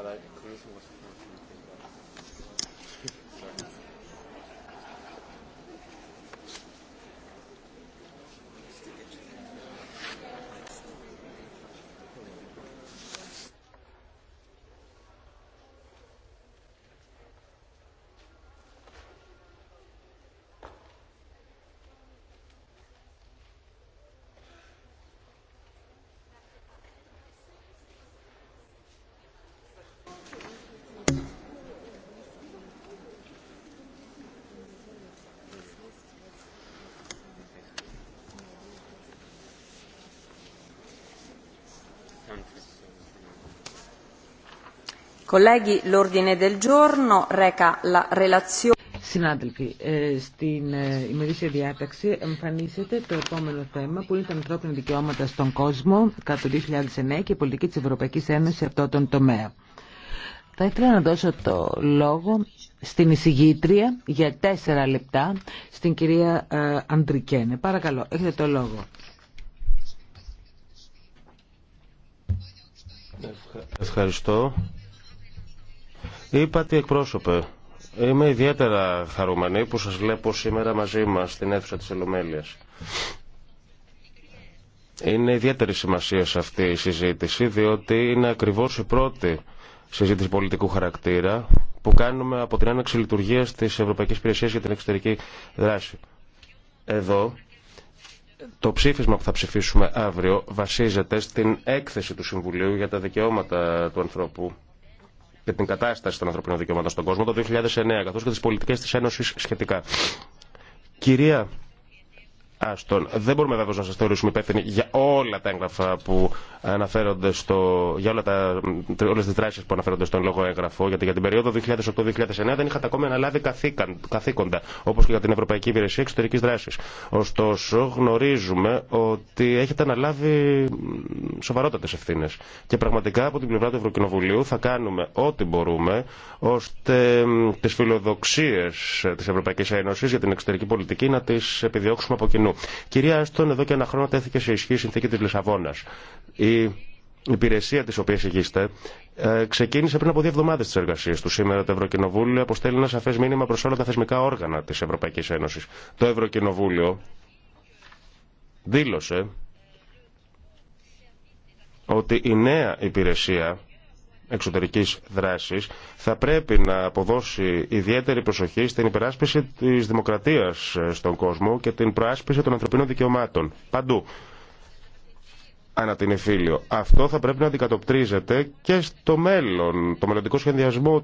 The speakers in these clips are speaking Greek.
But I, was Συνάδελφοι, ε, στην ε, ημερήσια διάταξη εμφανίσεται το επόμενο θέμα που είναι τα ανθρώπινα δικαιώματα στον κόσμο κατά το 2009 και η πολιτική της Ευρωπαϊκής Ένωσης σε αυτό τον τομέα. Θα ήθελα να δώσω το λόγο στην εισηγήτρια για τέσσερα λεπτά, στην κυρία ε, Αντρικένε. Παρακαλώ, έχετε το λόγο. Ευχαριστώ. Είπατε εκπρόσωπε. Είμαι ιδιαίτερα χαρούμενη που σας βλέπω σήμερα μαζί μας στην αίθουσα της Ελλομέλειας. Είναι ιδιαίτερη σημασία σε αυτή η συζήτηση, διότι είναι ακριβώς η πρώτη συζήτηση πολιτικού χαρακτήρα που κάνουμε από την άνοιξη λειτουργία τη Ευρωπαϊκή Υπηρεσίας για την Εξωτερική Δράση. Εδώ το ψήφισμα που θα ψηφίσουμε αύριο βασίζεται στην έκθεση του Συμβουλίου για τα δικαιώματα του ανθρώπου και την κατάσταση των ανθρωπίνων δικαιωμάτων στον κόσμο το 2009, καθώς και τις πολιτικές της Ένωσης σχετικά. Κυρία Άστον, δεν μπορούμε βέβαια να σας θεωρήσουμε υπεύθυνοι για όλα τα έγγραφα που αναφέρονται στο, για όλα τα, όλες τις δράσεις που αναφέρονται στον λόγο έγγραφο, γιατί για την περίοδο 2008-2009 δεν είχατε ακόμη αναλάβει καθήκοντα, όπως και για την Ευρωπαϊκή Υπηρεσία Εξωτερικής Δράσης. Ωστόσο, γνωρίζουμε ότι έχετε αναλάβει σοβαρότατες ευθύνες. Και πραγματικά από την πλευρά του Ευρωκοινοβουλίου θα κάνουμε ό,τι μπορούμε, ώστε τις φιλοδοξίες ε, της Ευρωπαϊκής Ένωσης για την εξωτερική πολιτική να τις επιδιώξουμε από κοινού. Κυρία Άστον, εδώ και ένα χρόνο τέθηκε σε ισχύ η συνθήκη της Λισαβόνας. Η υπηρεσία τη οποία ηγείστε ε, ξεκίνησε πριν από δύο εβδομάδε τι εργασίε του. Σήμερα το Ευρωκοινοβούλιο αποστέλει ένα σαφέ μήνυμα προ όλα τα θεσμικά όργανα τη Ευρωπαϊκή Ένωση. Το Ευρωκοινοβούλιο δήλωσε ότι η νέα υπηρεσία εξωτερικής δράσης θα πρέπει να αποδώσει ιδιαίτερη προσοχή στην υπεράσπιση της δημοκρατίας ε, στον κόσμο και την προάσπιση των ανθρωπίνων δικαιωμάτων. Παντού ανά την Ιφίλιο. Αυτό θα πρέπει να αντικατοπτρίζεται και στο μέλλον, το μελλοντικό σχεδιασμό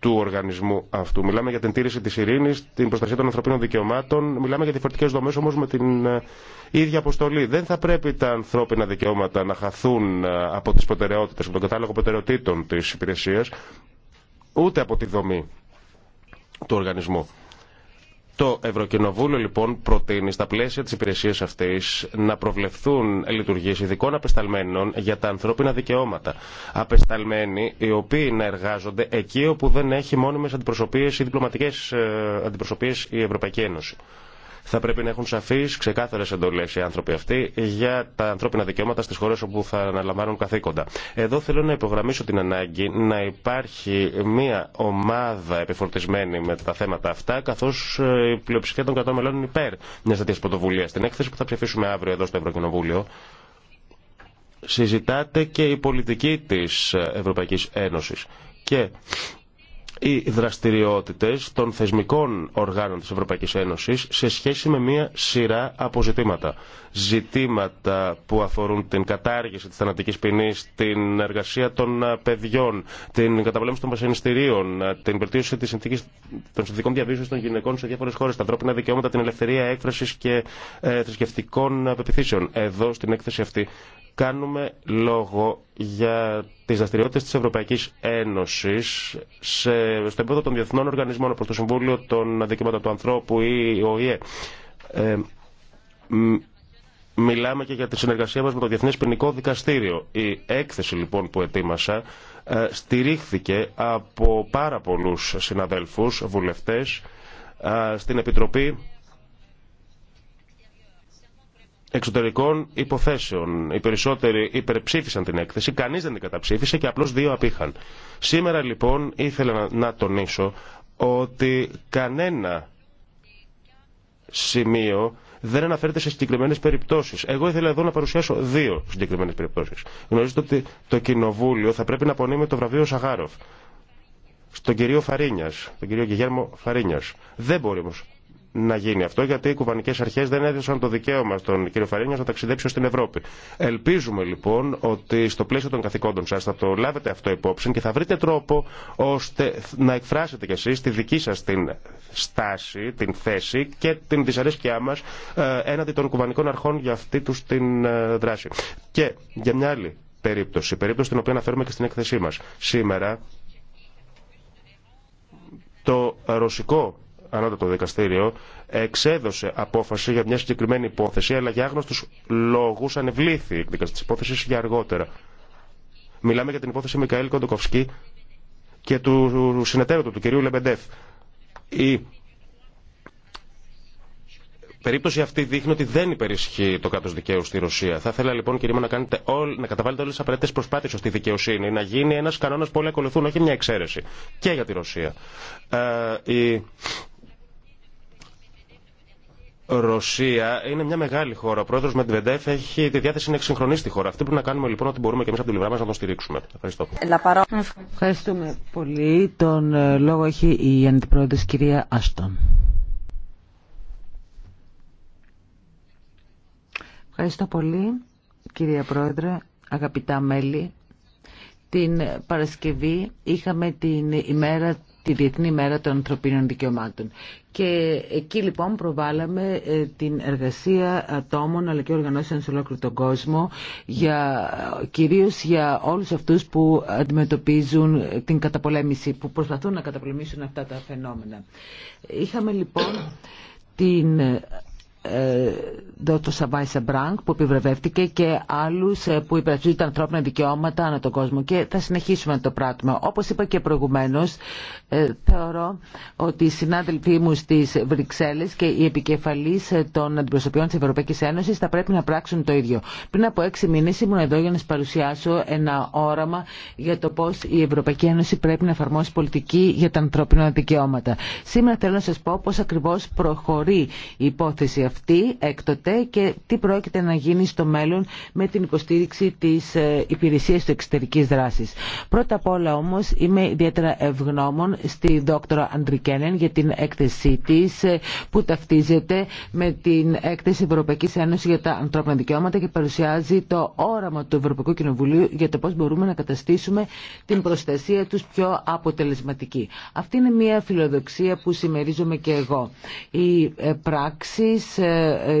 του οργανισμού αυτού. Μιλάμε για την τήρηση τη ειρήνη, την προστασία των ανθρωπίνων δικαιωμάτων. Μιλάμε για διαφορετικέ δομέ όμω με την ε, ίδια αποστολή. Δεν θα πρέπει τα ανθρώπινα δικαιώματα να χαθούν ε, από τι προτεραιότητε, από τον κατάλογο προτεραιοτήτων τη υπηρεσία, ούτε από τη δομή του οργανισμού. Το Ευρωκοινοβούλιο λοιπόν προτείνει στα πλαίσια της υπηρεσίας αυτής να προβλεφθούν λειτουργίες ειδικών απεσταλμένων για τα ανθρώπινα δικαιώματα. Απεσταλμένοι οι οποίοι να εργάζονται εκεί όπου δεν έχει μόνιμες αντιπροσωπείες ή διπλωματικές ε, αντιπροσωπείες η διπλωματικες αντιπροσωπιες η Ένωση. Θα πρέπει να έχουν σαφεί, ξεκάθαρε εντολέ οι άνθρωποι αυτοί για τα ανθρώπινα δικαιώματα στι χώρε όπου θα αναλαμβάνουν καθήκοντα. Εδώ θέλω να υπογραμμίσω την ανάγκη να υπάρχει μια ομάδα επιφορτισμένη με τα θέματα αυτά, καθώ ε, η πλειοψηφία των κρατών μελών είναι υπέρ μια τέτοια πρωτοβουλία. Στην έκθεση που θα ψηφίσουμε αύριο εδώ στο Ευρωκοινοβούλιο, συζητάται και η πολιτική της Ευρωπαϊκής Ένωσης. Και οι δραστηριότητες των θεσμικών οργάνων της Ευρωπαϊκής Ένωσης σε σχέση με μία σειρά αποζητήματα. ζητήματα. που αφορούν την κατάργηση της θανατικής ποινής, την εργασία των παιδιών, την καταπολέμηση των βασανιστήριων, την βελτίωση της συνθήκης, των συνθήκων διαβίωσης των γυναικών σε διάφορες χώρες, τα ανθρώπινα δικαιώματα, την ελευθερία έκφρασης και ε, θρησκευτικών πεπιθήσεων. Εδώ στην έκθεση αυτή κάνουμε λόγο για τις δραστηριότητες της Ευρωπαϊκής Ένωσης σε, στο επίπεδο των διεθνών οργανισμών όπως το Συμβούλιο των Δικαιωμάτων του Ανθρώπου ή ο ΙΕ. Ε, μιλάμε και για τη συνεργασία μας με το Διεθνές Ποινικό Δικαστήριο. Η έκθεση λοιπόν που ετοίμασα ε, στηρίχθηκε από πάρα πολλούς συναδέλφους, βουλευτές, ε, στην Επιτροπή Εξωτερικών Υποθέσεων. Οι περισσότεροι υπερψήφισαν την έκθεση, κανείς δεν την καταψήφισε και απλώς δύο απήχαν. Σήμερα λοιπόν ήθελα να τονίσω ότι κανένα σημείο δεν αναφέρεται σε συγκεκριμένες περιπτώσεις. Εγώ ήθελα εδώ να παρουσιάσω δύο συγκεκριμένες περιπτώσεις. Γνωρίζετε ότι το Κοινοβούλιο θα πρέπει να με το βραβείο Σαγάροφ στον κύριο Φαρίνια, τον κύριο Γιγέρμο Φαρίνια. Δεν μπορεί όμω να γίνει αυτό, γιατί οι κουβανικέ αρχέ δεν έδωσαν το δικαίωμα στον κύριο Φαρίνια να ταξιδέψει στην Ευρώπη. Ελπίζουμε λοιπόν ότι στο πλαίσιο των καθηκόντων σα θα το λάβετε αυτό υπόψη και θα βρείτε τρόπο ώστε να εκφράσετε κι εσεί τη δική σα την στάση, την θέση και την δυσαρέσκειά μα ε, έναντι των κουβανικών αρχών για αυτή του την ε, δράση. Και για μια άλλη περίπτωση, περίπτωση την οποία αναφέρουμε και στην έκθεσή μα. Σήμερα το ρωσικό ανώτατο δικαστήριο εξέδωσε απόφαση για μια συγκεκριμένη υπόθεση, αλλά για άγνωστου λόγου ανεβλήθη η εκδίκαση τη υπόθεση για αργότερα. Μιλάμε για την υπόθεση Μικαήλ Κοντοκοφσκή και του συνεταίρου του, του κυρίου Λεμπεντεφ. Η περίπτωση αυτή δείχνει ότι δεν υπερισχύει το κράτο δικαίου στη Ρωσία. Θα ήθελα λοιπόν, κύριε μου, να, κάνετε όλ, να καταβάλλετε όλε τι απαραίτητε προσπάθειε ώστε η δικαιοσύνη να γίνει ένα κανόνα που όλοι ακολουθούν, όχι μια εξαίρεση. Και για τη Ρωσία. Ε, η Ρωσία είναι μια μεγάλη χώρα. Ο πρόεδρο Μεντβεντέφ έχει τη διάθεση να εξυγχρονίσει τη χώρα. Αυτή πρέπει να κάνουμε λοιπόν ό,τι μπορούμε και εμεί από την πλευρά μα να τον στηρίξουμε. Ευχαριστώ. Ευχαριστούμε πολύ. Τον ε, λόγο έχει η αντιπρόεδρο κυρία Άστον. Ευχαριστώ πολύ κυρία Πρόεδρε, αγαπητά μέλη. Την Παρασκευή είχαμε την ημέρα τη Διεθνή Μέρα των Ανθρωπίνων Δικαιωμάτων. Και εκεί λοιπόν προβάλαμε ε, την εργασία ατόμων αλλά και οργανώσεων σε ολόκληρο τον κόσμο για, κυρίως για όλους αυτούς που αντιμετωπίζουν ε, την καταπολέμηση, που προσπαθούν να καταπολεμήσουν αυτά τα φαινόμενα. Είχαμε λοιπόν την ε, το Σαβάη Μπράγκ που επιβραβεύτηκε και άλλους που υπερασπίζουν τα ανθρώπινα δικαιώματα ανά τον κόσμο και θα συνεχίσουμε να το πράττουμε. Όπως είπα και προηγουμένω. Ε, θεωρώ ότι οι συνάδελφοί μου στις Βρυξέλλες και οι επικεφαλείς ε, των αντιπροσωπιών της Ευρωπαϊκής Ένωσης θα πρέπει να πράξουν το ίδιο. Πριν από έξι μήνες ήμουν εδώ για να σας παρουσιάσω ένα όραμα για το πώς η Ευρωπαϊκή Ένωση πρέπει να εφαρμόσει πολιτική για τα ανθρώπινα δικαιώματα. Σήμερα θέλω να σας πω πώς ακριβώς προχωρεί η υπόθεση αυτή έκτοτε και τι πρόκειται να γίνει στο μέλλον με την υποστήριξη της ε, υπηρεσίας του εξωτερικής δράση. Πρώτα απ' όλα όμως είμαι ιδιαίτερα ευγνώμων στη δόκτωρα Αντρικένεν για την έκθεσή της ε, που ταυτίζεται με την έκθεση Ευρωπαϊκής Ένωσης για τα ανθρώπινα δικαιώματα και παρουσιάζει το όραμα του Ευρωπαϊκού Κοινοβουλίου για το πώς μπορούμε να καταστήσουμε την προστασία τους πιο αποτελεσματική. Αυτή είναι μια φιλοδοξία που συμμερίζομαι και εγώ. Οι ε, πράξεις, ε,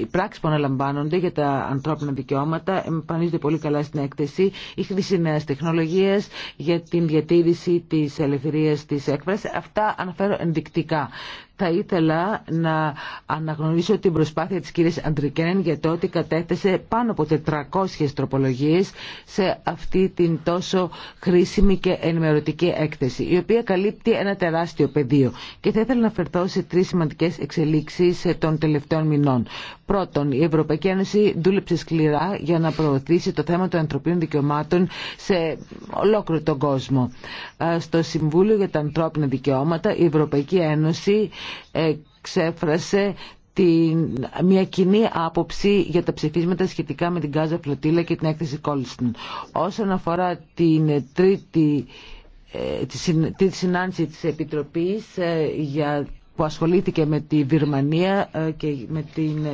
οι πράξεις που αναλαμβάνονται για τα ανθρώπινα δικαιώματα εμφανίζονται πολύ καλά στην έκθεση. Η χρήση νέας τεχνολογία για την διατήρηση τις ελευθερίες της έκφρασης. Αυτά αναφέρω ενδεικτικά. Θα ήθελα να αναγνωρίσω την προσπάθεια της κυρίας Αντρικέν για το ότι κατέθεσε πάνω από 400 τροπολογίες σε αυτή την τόσο χρήσιμη και ενημερωτική έκθεση, η οποία καλύπτει ένα τεράστιο πεδίο. Και θα ήθελα να φερθώ σε τρεις σημαντικές εξελίξεις των τελευταίων μηνών. Πρώτον, η Ευρωπαϊκή Ένωση δούλεψε σκληρά για να προωθήσει το θέμα των ανθρωπίνων δικαιωμάτων σε ολόκληρο τον κόσμο. Ε, στο Συμβούλιο για τα Ανθρώπινα Δικαιώματα η Ευρωπαϊκή Ένωση εξέφρασε την, μια κοινή άποψη για τα ψηφίσματα σχετικά με την Γκάζα Φλωτήλα και την έκθεση Κόλστον. Όσον αφορά την τρίτη, ε, τη συνάντηση της Επιτροπής ε, για που ασχολήθηκε με τη Βυρμανία ε, και με την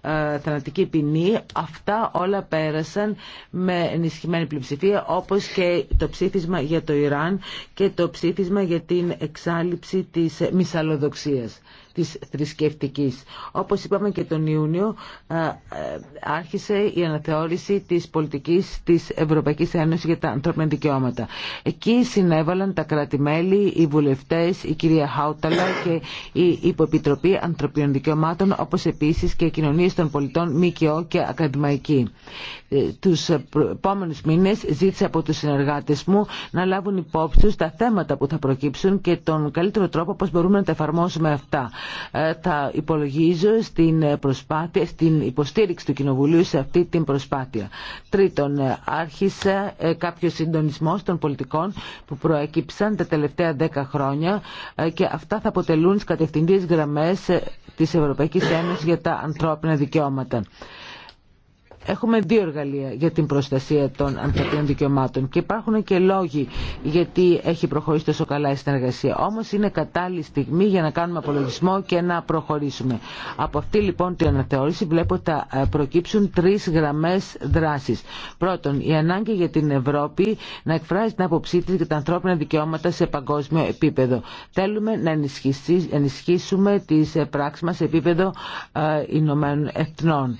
ε, θανατική ποινή. Αυτά όλα πέρασαν με ενισχυμένη πλειοψηφία όπως και το ψήφισμα για το Ιράν και το ψήφισμα για την εξάλληψη της μυσαλλοδοξίας της θρησκευτική. Όπως είπαμε και τον Ιούνιο, ε, ε, άρχισε η αναθεώρηση της πολιτικής της Ευρωπαϊκής Ένωσης για τα ανθρώπινα δικαιώματα. Εκεί συνέβαλαν τα κράτη-μέλη, οι βουλευτές, η κυρία Χάουταλα και η Υποεπιτροπή Ανθρωπίνων Δικαιωμάτων, όπως επίσης και οι κοινωνίες των πολιτών, ΜΚΟ και Ακαδημαϊκή. Ε, τους επόμενους μήνες ζήτησα από τους συνεργάτες μου να λάβουν υπόψη τους τα θέματα που θα προκύψουν και τον καλύτερο τρόπο πώς μπορούμε να τα εφαρμόσουμε αυτά. Ε, θα υπολογίζω στην προσπάθεια, στην υποστήριξη του Κοινοβουλίου σε αυτή την προσπάθεια. Τρίτον, ε, άρχισε ε, κάποιο συντονισμό των πολιτικών που προέκυψαν τα τελευταία δέκα χρόνια και αυτά θα αποτελούν τι κατευθυντήριε γραμμέ τη Ευρωπαϊκή Ένωση για τα ανθρώπινα δικαιώματα. Έχουμε δύο εργαλεία για την προστασία των ανθρωπίνων δικαιωμάτων και υπάρχουν και λόγοι γιατί έχει προχωρήσει τόσο καλά η συνεργασία. Όμω είναι κατάλληλη στιγμή για να κάνουμε απολογισμό και να προχωρήσουμε. Από αυτή λοιπόν την αναθεώρηση βλέπω ότι θα ε, προκύψουν τρει γραμμέ δράση. Πρώτον, η ανάγκη για την Ευρώπη να εκφράζει την άποψή τη για τα ανθρώπινα δικαιώματα σε παγκόσμιο επίπεδο. Θέλουμε να ενισχύσουμε τι ε, πράξει μα σε επίπεδο ε, Ηνωμένων Εθνών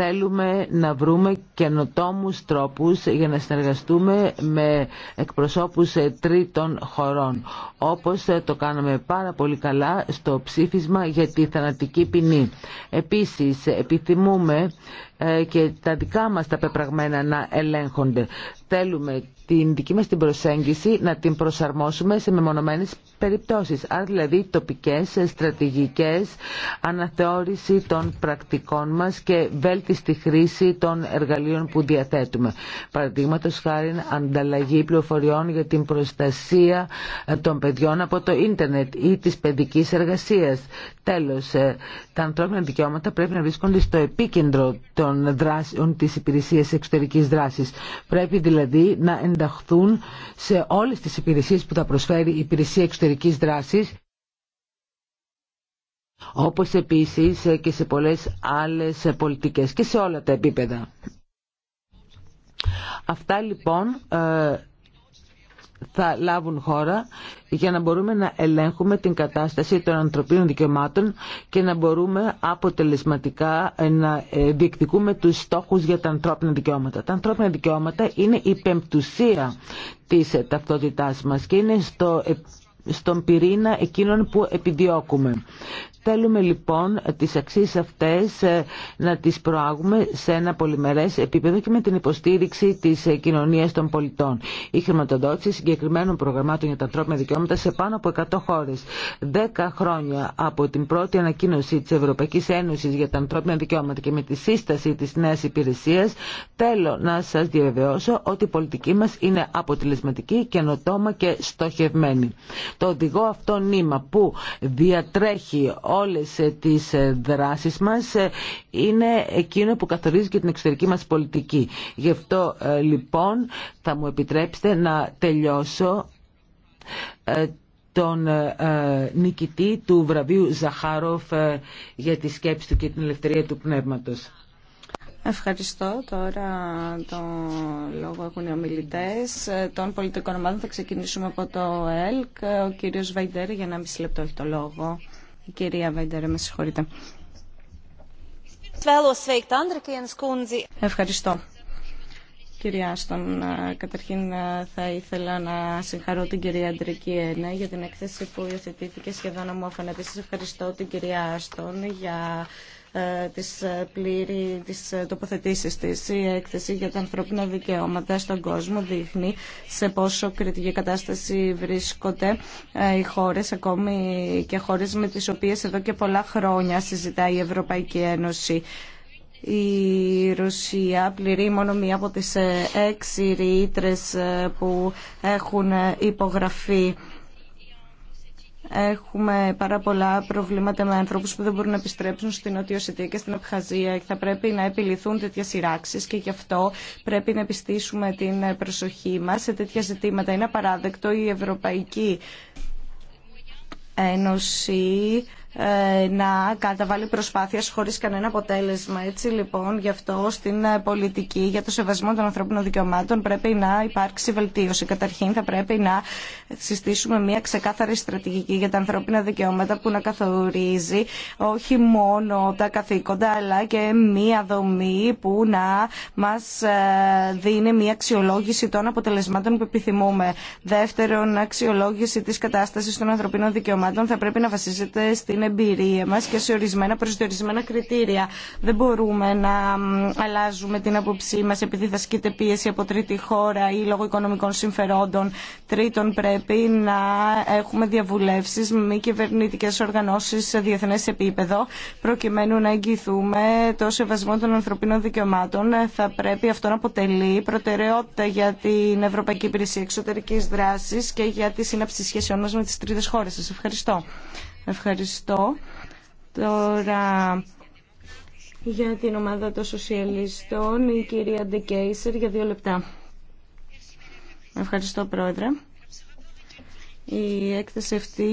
θέλουμε να βρούμε καινοτόμους τρόπους για να συνεργαστούμε με εκπροσώπους ε, τρίτων χωρών, όπως ε, το κάναμε πάρα πολύ καλά στο ψήφισμα για τη θανατική ποινή. Επίσης, επιθυμούμε ε, και τα δικά μας τα πεπραγμένα να ελέγχονται. Θέλουμε την δική μας την προσέγγιση να την προσαρμόσουμε σε μεμονωμένες περιπτώσεις. Άρα δηλαδή τοπικές ε, στρατηγικές αναθεώρηση των πρακτικών μας και βέλτιστη χρήση των εργαλείων που διαθέτουμε. Παραδείγματο χάρη ανταλλαγή πληροφοριών για την προστασία ε, των παιδιών από το ίντερνετ ή της παιδικής εργασίας. Τέλος, ε, τα ανθρώπινα δικαιώματα πρέπει να βρίσκονται στο επίκεντρο των δράσεων της υπηρεσίας εξωτερικής δράσης. Πρέπει δηλαδή να ενταχθούν σε όλες τις υπηρεσίες που θα προσφέρει η υπηρεσία εξωτερικής εξωτερικής δράσης όπως επίσης και σε πολλές άλλες πολιτικές και σε όλα τα επίπεδα. Αυτά λοιπόν ε, θα λάβουν χώρα για να μπορούμε να ελέγχουμε την κατάσταση των ανθρωπίνων δικαιωμάτων και να μπορούμε αποτελεσματικά ε, να ε, διεκδικούμε τους στόχους για τα ανθρώπινα δικαιώματα. Τα ανθρώπινα δικαιώματα είναι η πεμπτουσία της ταυτότητάς μας και είναι στο στον πυρήνα εκείνων που επιδιώκουμε. Θέλουμε λοιπόν τις αξίες αυτές ε, να τις προάγουμε σε ένα πολυμερές επίπεδο και με την υποστήριξη της ε, κοινωνίας των πολιτών. Η χρηματοδότηση συγκεκριμένων προγραμμάτων για τα ανθρώπινα δικαιώματα σε πάνω από 100 χώρες. Δέκα χρόνια από την πρώτη ανακοίνωση της Ευρωπαϊκής Ένωσης για τα ανθρώπινα δικαιώματα και με τη σύσταση της νέας υπηρεσίας θέλω να σας διαβεβαιώσω ότι η πολιτική μας είναι αποτελεσματική, καινοτόμα και στοχευμένη το οδηγό αυτό νήμα που διατρέχει όλες ε, τις ε, δράσεις μας ε, είναι εκείνο που καθορίζει και την εξωτερική μας πολιτική. Γι' αυτό λοιπόν θα μου επιτρέψετε να τελειώσω τον νικητή του βραβείου Ζαχάροφ για τη σκέψη του και την ελευθερία του πνεύματος. Ευχαριστώ. Τώρα το λόγο έχουν οι ομιλητέ των πολιτικών ομάδων. Θα ξεκινήσουμε από το ΕΛΚ. Ο κύριο Βαϊντερε για ένα μισή λεπτό έχει το λόγο. Η κυρία Βαϊντέρη, με συγχωρείτε. Ευχαριστώ. Κυρία Άστον, καταρχήν θα ήθελα να συγχαρώ την κυρία Αντρική Ένα για την έκθεση που υιοθετήθηκε σχεδόν ομόφωνα. Επίσης ευχαριστώ την κυρία Άστον για ε, της ε, πλήρη της ε, τοποθετήσεις της. Η έκθεση για τα ανθρώπινα δικαιώματα στον κόσμο δείχνει σε πόσο κριτική κατάσταση βρίσκονται οι χώρες, ακόμη και χώρες με τις οποίες εδώ και πολλά χρόνια συζητάει η Ευρωπαϊκή Ένωση. Η Ρωσία πληρεί μόνο μία από τις έξι ρήτρες που έχουν υπογραφεί Έχουμε πάρα πολλά προβλήματα με ανθρώπους που δεν μπορούν να επιστρέψουν στην Νότιο και στην Απχαζία και θα πρέπει να επιληθούν τέτοια σειράξει και γι' αυτό πρέπει να επιστήσουμε την προσοχή μας σε τέτοια ζητήματα. Είναι απαράδεκτο η Ευρωπαϊκή Ένωση ε, να καταβάλει προσπάθειες χωρίς κανένα αποτέλεσμα. Έτσι λοιπόν γι' αυτό στην ε, πολιτική για το σεβασμό των ανθρώπινων δικαιωμάτων πρέπει να υπάρξει βελτίωση. Καταρχήν θα πρέπει να συστήσουμε μια ξεκάθαρη στρατηγική για τα ανθρώπινα δικαιώματα που να καθορίζει όχι μόνο τα καθήκοντα αλλά και μια δομή που να μας ε, δίνει μια αξιολόγηση των αποτελεσμάτων που επιθυμούμε. Δεύτερον, αξιολόγηση της κατάστασης των ανθρωπίνων δικαιωμάτων θα πρέπει να βασίζεται στην εμπειρία μας και σε ορισμένα προσδιορισμένα κριτήρια. Δεν μπορούμε να αλλάζουμε την άποψή μας επειδή θα σκείται πίεση από τρίτη χώρα ή λόγω οικονομικών συμφερόντων. Τρίτον, πρέπει να έχουμε διαβουλεύσεις με μη κυβερνητικέ οργανώσεις σε διεθνές επίπεδο προκειμένου να εγγυηθούμε το σεβασμό των ανθρωπίνων δικαιωμάτων. Θα πρέπει αυτό να αποτελεί προτεραιότητα για την Ευρωπαϊκή Υπηρεσία Εξωτερικής Δράσης και για τη σύναψη σχέσεων μας με τις τρίτες χώρες. Σας ευχαριστώ. Ευχαριστώ. Τώρα για την ομάδα των σοσιαλιστών η κυρία Ντεκέισερ για δύο λεπτά. Ευχαριστώ πρόεδρε. Η έκθεση αυτή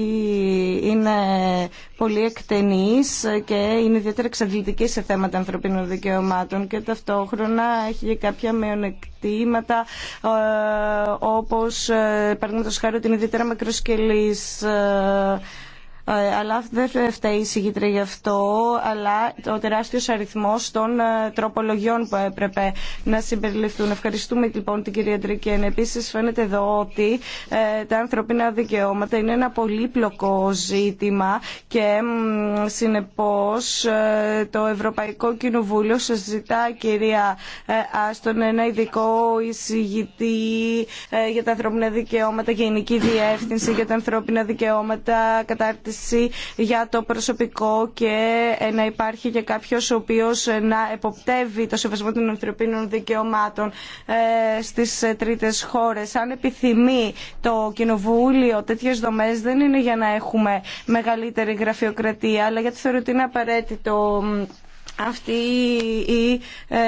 είναι πολύ εκτενής και είναι ιδιαίτερα εξαντλητική σε θέματα ανθρωπίνων δικαιωμάτων και ταυτόχρονα έχει κάποια μειονεκτήματα ε, όπως ε, παραδείγματος χάρη ότι είναι ιδιαίτερα μακροσκελής ε, ε, αλλά δεν φταίει η συγκήτρια γι' αυτό, αλλά ο τεράστιο αριθμό των ε, τροπολογιών που έπρεπε να συμπεριληφθούν. Ευχαριστούμε λοιπόν την κυρία Τρικέν. Επίση, φαίνεται εδώ ότι ε, τα ανθρωπίνα δικαιώματα είναι ένα πολύπλοκο ζήτημα και συνεπώ το Ευρωπαϊκό Κοινοβούλιο σα ζητά, κυρία Άστον, ένα ειδικό εισηγητή για τα ανθρώπινα δικαιώματα, γενική διεύθυνση για τα ανθρώπινα δικαιώματα, κατάρτιση για το προσωπικό και να υπάρχει και κάποιος ο οποίος να εποπτεύει το σεβασμό των ανθρωπίνων δικαιωμάτων ε, στις τρίτες χώρες. Αν επιθυμεί το Κοινοβούλιο τέτοιε δομέ δεν είναι για να έχουμε μεγαλύτερη γραφειοκρατία αλλά γιατί θεωρώ ότι είναι απαραίτητο αυτή η ε,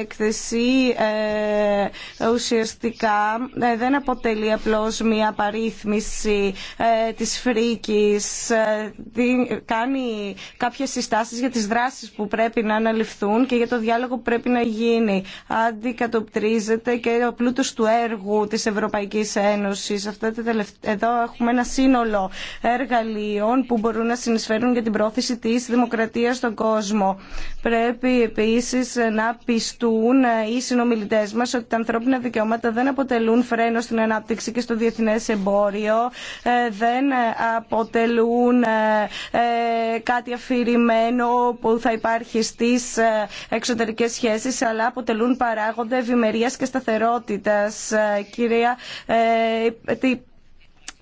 έκθεση ε, ουσιαστικά ε, δεν αποτελεί απλώς μια παρήθμιση ε, της φρίκης. Ε, κάνει κάποιες συστάσεις για τις δράσεις που πρέπει να αναλυφθούν και για το διάλογο που πρέπει να γίνει. Αντικατοπτρίζεται και ο πλούτος του έργου της Ευρωπαϊκής Ένωσης. αυτό Εδώ έχουμε ένα σύνολο εργαλείων που μπορούν να συνεισφέρουν για την πρόθεση της δημοκρατίας στον κόσμο. Πρέπει επίσης να πιστούν οι συνομιλητές μας ότι τα ανθρώπινα ανθρώπινα δικαιώματα δεν αποτελούν φρένο στην ανάπτυξη και στο διεθνές εμπόριο, ε, δεν αποτελούν ε, ε, κάτι αφηρημένο που θα υπάρχει στις εξωτερικές σχέσεις, αλλά αποτελούν παράγοντα ευημερία και σταθερότητας. Κυρία,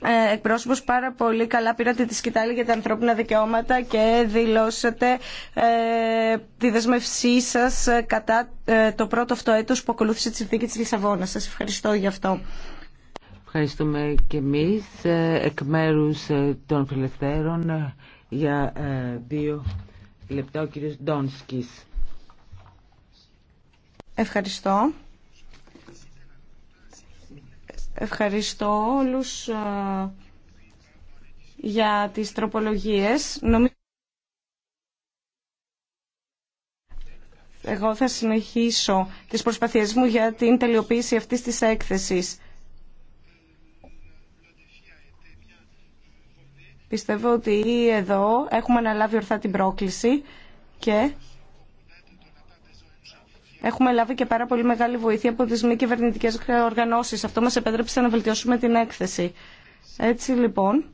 ε, εκπρόσωπος πάρα πολύ καλά πήρατε τη σκητάλη για τα ανθρώπινα δικαιώματα και δηλώσατε ε, τη δεσμευσή σας ε, κατά το πρώτο αυτό έτος που ακολούθησε τη συνθήκη της Λισαβόνας. Σας ευχαριστώ γι' αυτό. Ευχαριστούμε και εμείς εκ μέρους των φιλελευθέρων για δύο λεπτά ο κύριος Ντόνσκης. Ευχαριστώ. Ευχαριστώ όλους ε, για τις τροπολογίες. Εγώ θα συνεχίσω τις προσπαθίες μου για την τελειοποίηση αυτής της έκθεσης. Πιστεύω ότι εδώ έχουμε αναλάβει ορθά την πρόκληση και Έχουμε λάβει και πάρα πολύ μεγάλη βοήθεια από τις μη κυβερνητικέ οργανώσεις. Αυτό μας επέτρεψε να βελτιώσουμε την έκθεση. Έτσι λοιπόν,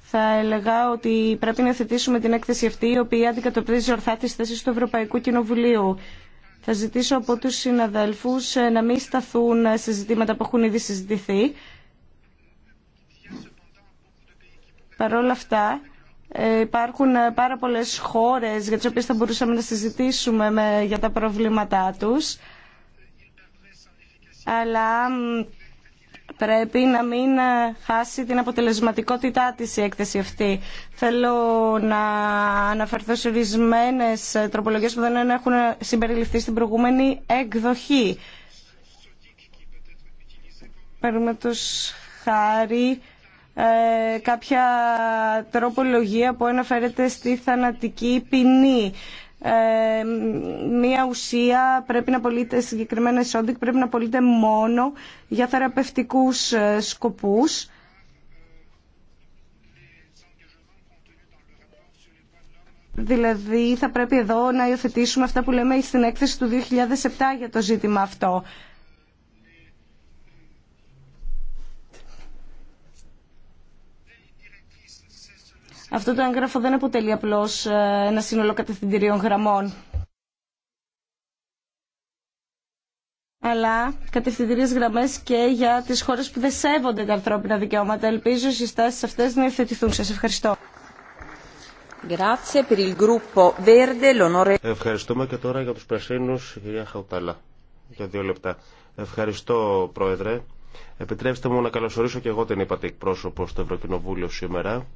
θα έλεγα ότι πρέπει να θετήσουμε την έκθεση αυτή, η οποία αντικατοπτρίζει ορθά τις θέσεις του Ευρωπαϊκού Κοινοβουλίου. Θα ζητήσω από τους συναδέλφου ε, να μην σταθούν σε ζητήματα που έχουν ήδη συζητηθεί. Παρ' όλα αυτά, ε, υπάρχουν ε, πάρα πολλές χώρες για τις οποίες θα μπορούσαμε να συζητήσουμε για τα προβλήματά τους αλλά πρέπει να μην ε, χάσει την αποτελεσματικότητά της η έκθεση αυτή. Θέλω να αναφερθώ σε ορισμένε τροπολογίες που δεν έχουν συμπεριληφθεί στην προηγούμενη εκδοχή. Παίρνουμε τους χάρη ε, κάποια τροπολογία που αναφέρεται στη θανατική ποινή. Ε, μια ουσία πρέπει να πωλείται συγκεκριμένα εισόδικ, πρέπει να πωλείται μόνο για θεραπευτικούς ε, σκοπούς. Δηλαδή θα πρέπει εδώ να υιοθετήσουμε αυτά που λέμε στην έκθεση του 2007 για το ζήτημα αυτό. Αυτό το έγγραφο δεν αποτελεί απλώς ε, ένα σύνολο κατευθυντηρίων γραμμών. αλλά κατευθυντήριες γραμμές και για τις χώρες που δεν σέβονται τα ανθρώπινα δικαιώματα. Ελπίζω οι συστάσεις αυτές να υιοθετηθούν. Σας ευχαριστώ. Ευχαριστούμε και τώρα για τους πράσινου, η κυρία Χαουτάλα, για δύο λεπτά. Ευχαριστώ, Πρόεδρε. Επιτρέψτε μου να καλωσορίσω και εγώ την υπατή εκπρόσωπο στο Ευρωκοινοβούλιο σήμερα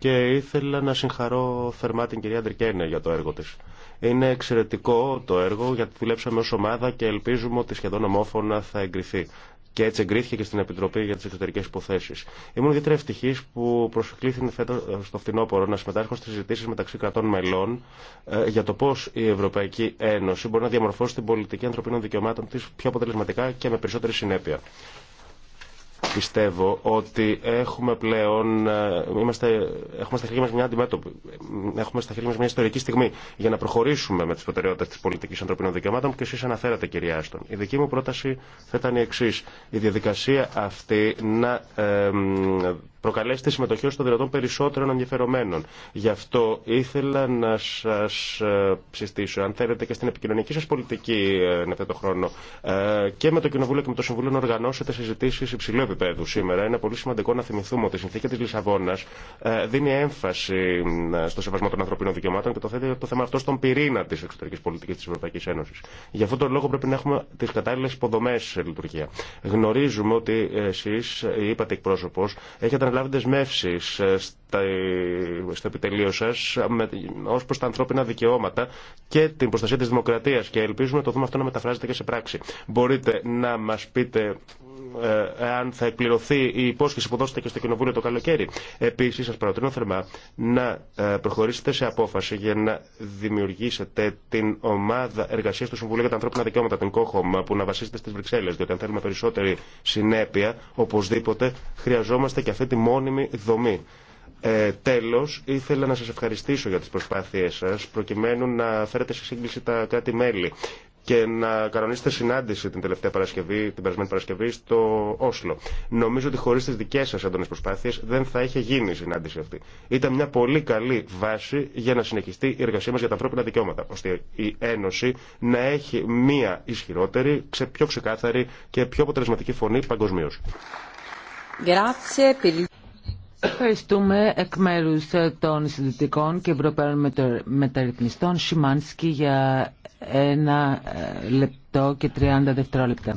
και ήθελα να συγχαρώ θερμά την κυρία Αντρικένε για το έργο της. Είναι εξαιρετικό το έργο γιατί δουλέψαμε ως ομάδα και ελπίζουμε ότι σχεδόν ομόφωνα θα εγκριθεί. Και έτσι εγκρίθηκε και στην Επιτροπή για τι Εξωτερικέ Υποθέσει. Ήμουν ιδιαίτερα ευτυχή που φέτο ε, στο φθινόπωρο να συμμετάσχω στι συζητήσει μεταξύ κρατών μελών ε, για το πώ η Ευρωπαϊκή Ένωση μπορεί να διαμορφώσει την πολιτική ανθρωπίνων δικαιωμάτων τη πιο αποτελεσματικά και με περισσότερη συνέπεια πιστεύω ότι έχουμε πλέον, ε, είμαστε, έχουμε στα χέρια μας μια αντιμέτωπη, έχουμε στα χέρια μας μια ιστορική στιγμή για να προχωρήσουμε με τις προτεραιότητες της πολιτικής ανθρωπίνων δικαιωμάτων και εσείς αναφέρατε κυρία Άστον. Η δική μου πρόταση θα ήταν η εξής, η διαδικασία αυτή να ε, προκαλέσει τη συμμετοχή των δυνατόν περισσότερων ενδιαφερομένων. Γι' αυτό ήθελα να σα ε, συστήσω, αν θέλετε, και στην επικοινωνική σα πολιτική ε, αυτό το χρόνο ε, και με το Κοινοβούλιο και με το Συμβούλιο να οργανώσετε συζητήσει υψηλού επίπεδου σήμερα. Είναι πολύ σημαντικό να θυμηθούμε ότι η συνθήκη τη Λισαβόνα δίνει έμφαση στο σεβασμό των ανθρωπίνων δικαιωμάτων και το θέτει το θέμα αυτό στον πυρήνα τη εξωτερική πολιτική τη Ευρωπαϊκή Ένωση. Γι' αυτόν τον λόγο πρέπει να έχουμε τι κατάλληλε υποδομέ σε λειτουργία. Γνωρίζουμε ότι εσεί, είπατε εκπρόσωπο, έχετε αναλάβει δεσμεύσει ε, στο επιτελείο σα ω προ τα ανθρώπινα δικαιώματα και την προστασία τη δημοκρατία. και ελπίζουμε να το δούμε αυτό να μεταφράζεται και σε πράξη. Μπορείτε να μα πείτε αν ε, θα εκπληρωθεί η υπόσχεση που δώσετε και στο Κοινοβούλιο το καλοκαίρι. Επίση, σα παρατηρώ θερμά να ε, προχωρήσετε σε απόφαση για να δημιουργήσετε την ομάδα εργασία του Συμβουλίου για τα Ανθρώπινα Δικαιώματα, την ΚΟΧΟΜ, που να βασίζεται στι Βρυξέλλε. διότι αν θέλουμε περισσότερη συνέπεια, οπωσδήποτε χρειαζόμαστε και αυτή τη μόνιμη δομή. Ε, τέλος, ήθελα να σας ευχαριστήσω για τις προσπάθειές σας προκειμένου να φέρετε σε σύγκληση τα κράτη-μέλη και να κανονίσετε συνάντηση την τελευταία Παρασκευή, την περασμένη Παρασκευή στο Όσλο. Νομίζω ότι χωρίς τις δικές σας έντονες προσπάθειες δεν θα είχε γίνει η συνάντηση αυτή. Ήταν μια πολύ καλή βάση για να συνεχιστεί η εργασία μας για τα ανθρώπινα δικαιώματα, ώστε η Ένωση να έχει μια ισχυρότερη, ξε, πιο ξεκάθαρη και πιο αποτελεσματική φωνή παγκοσμίω. Ευχαριστούμε εκ μέρου ε, των συντηρητικών και ευρωπαίων μεταρρυθμιστών Σιμάνσκι για ένα ε, λεπτό και 30 δευτερόλεπτα.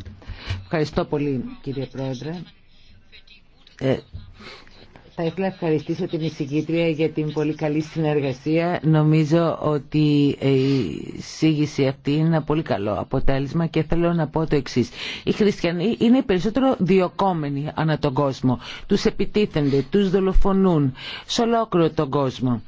Ευχαριστώ πολύ κύριε Πρόεδρε. Ε, θα ήθελα να ευχαριστήσω την εισηγήτρια για την πολύ καλή συνεργασία. Νομίζω ότι η εισήγηση αυτή είναι ένα πολύ καλό αποτέλεσμα και θέλω να πω το εξή. Οι χριστιανοί είναι περισσότερο διοκόμενοι ανά τον κόσμο. Τους επιτίθενται, τους δολοφονούν σε ολόκληρο τον κόσμο.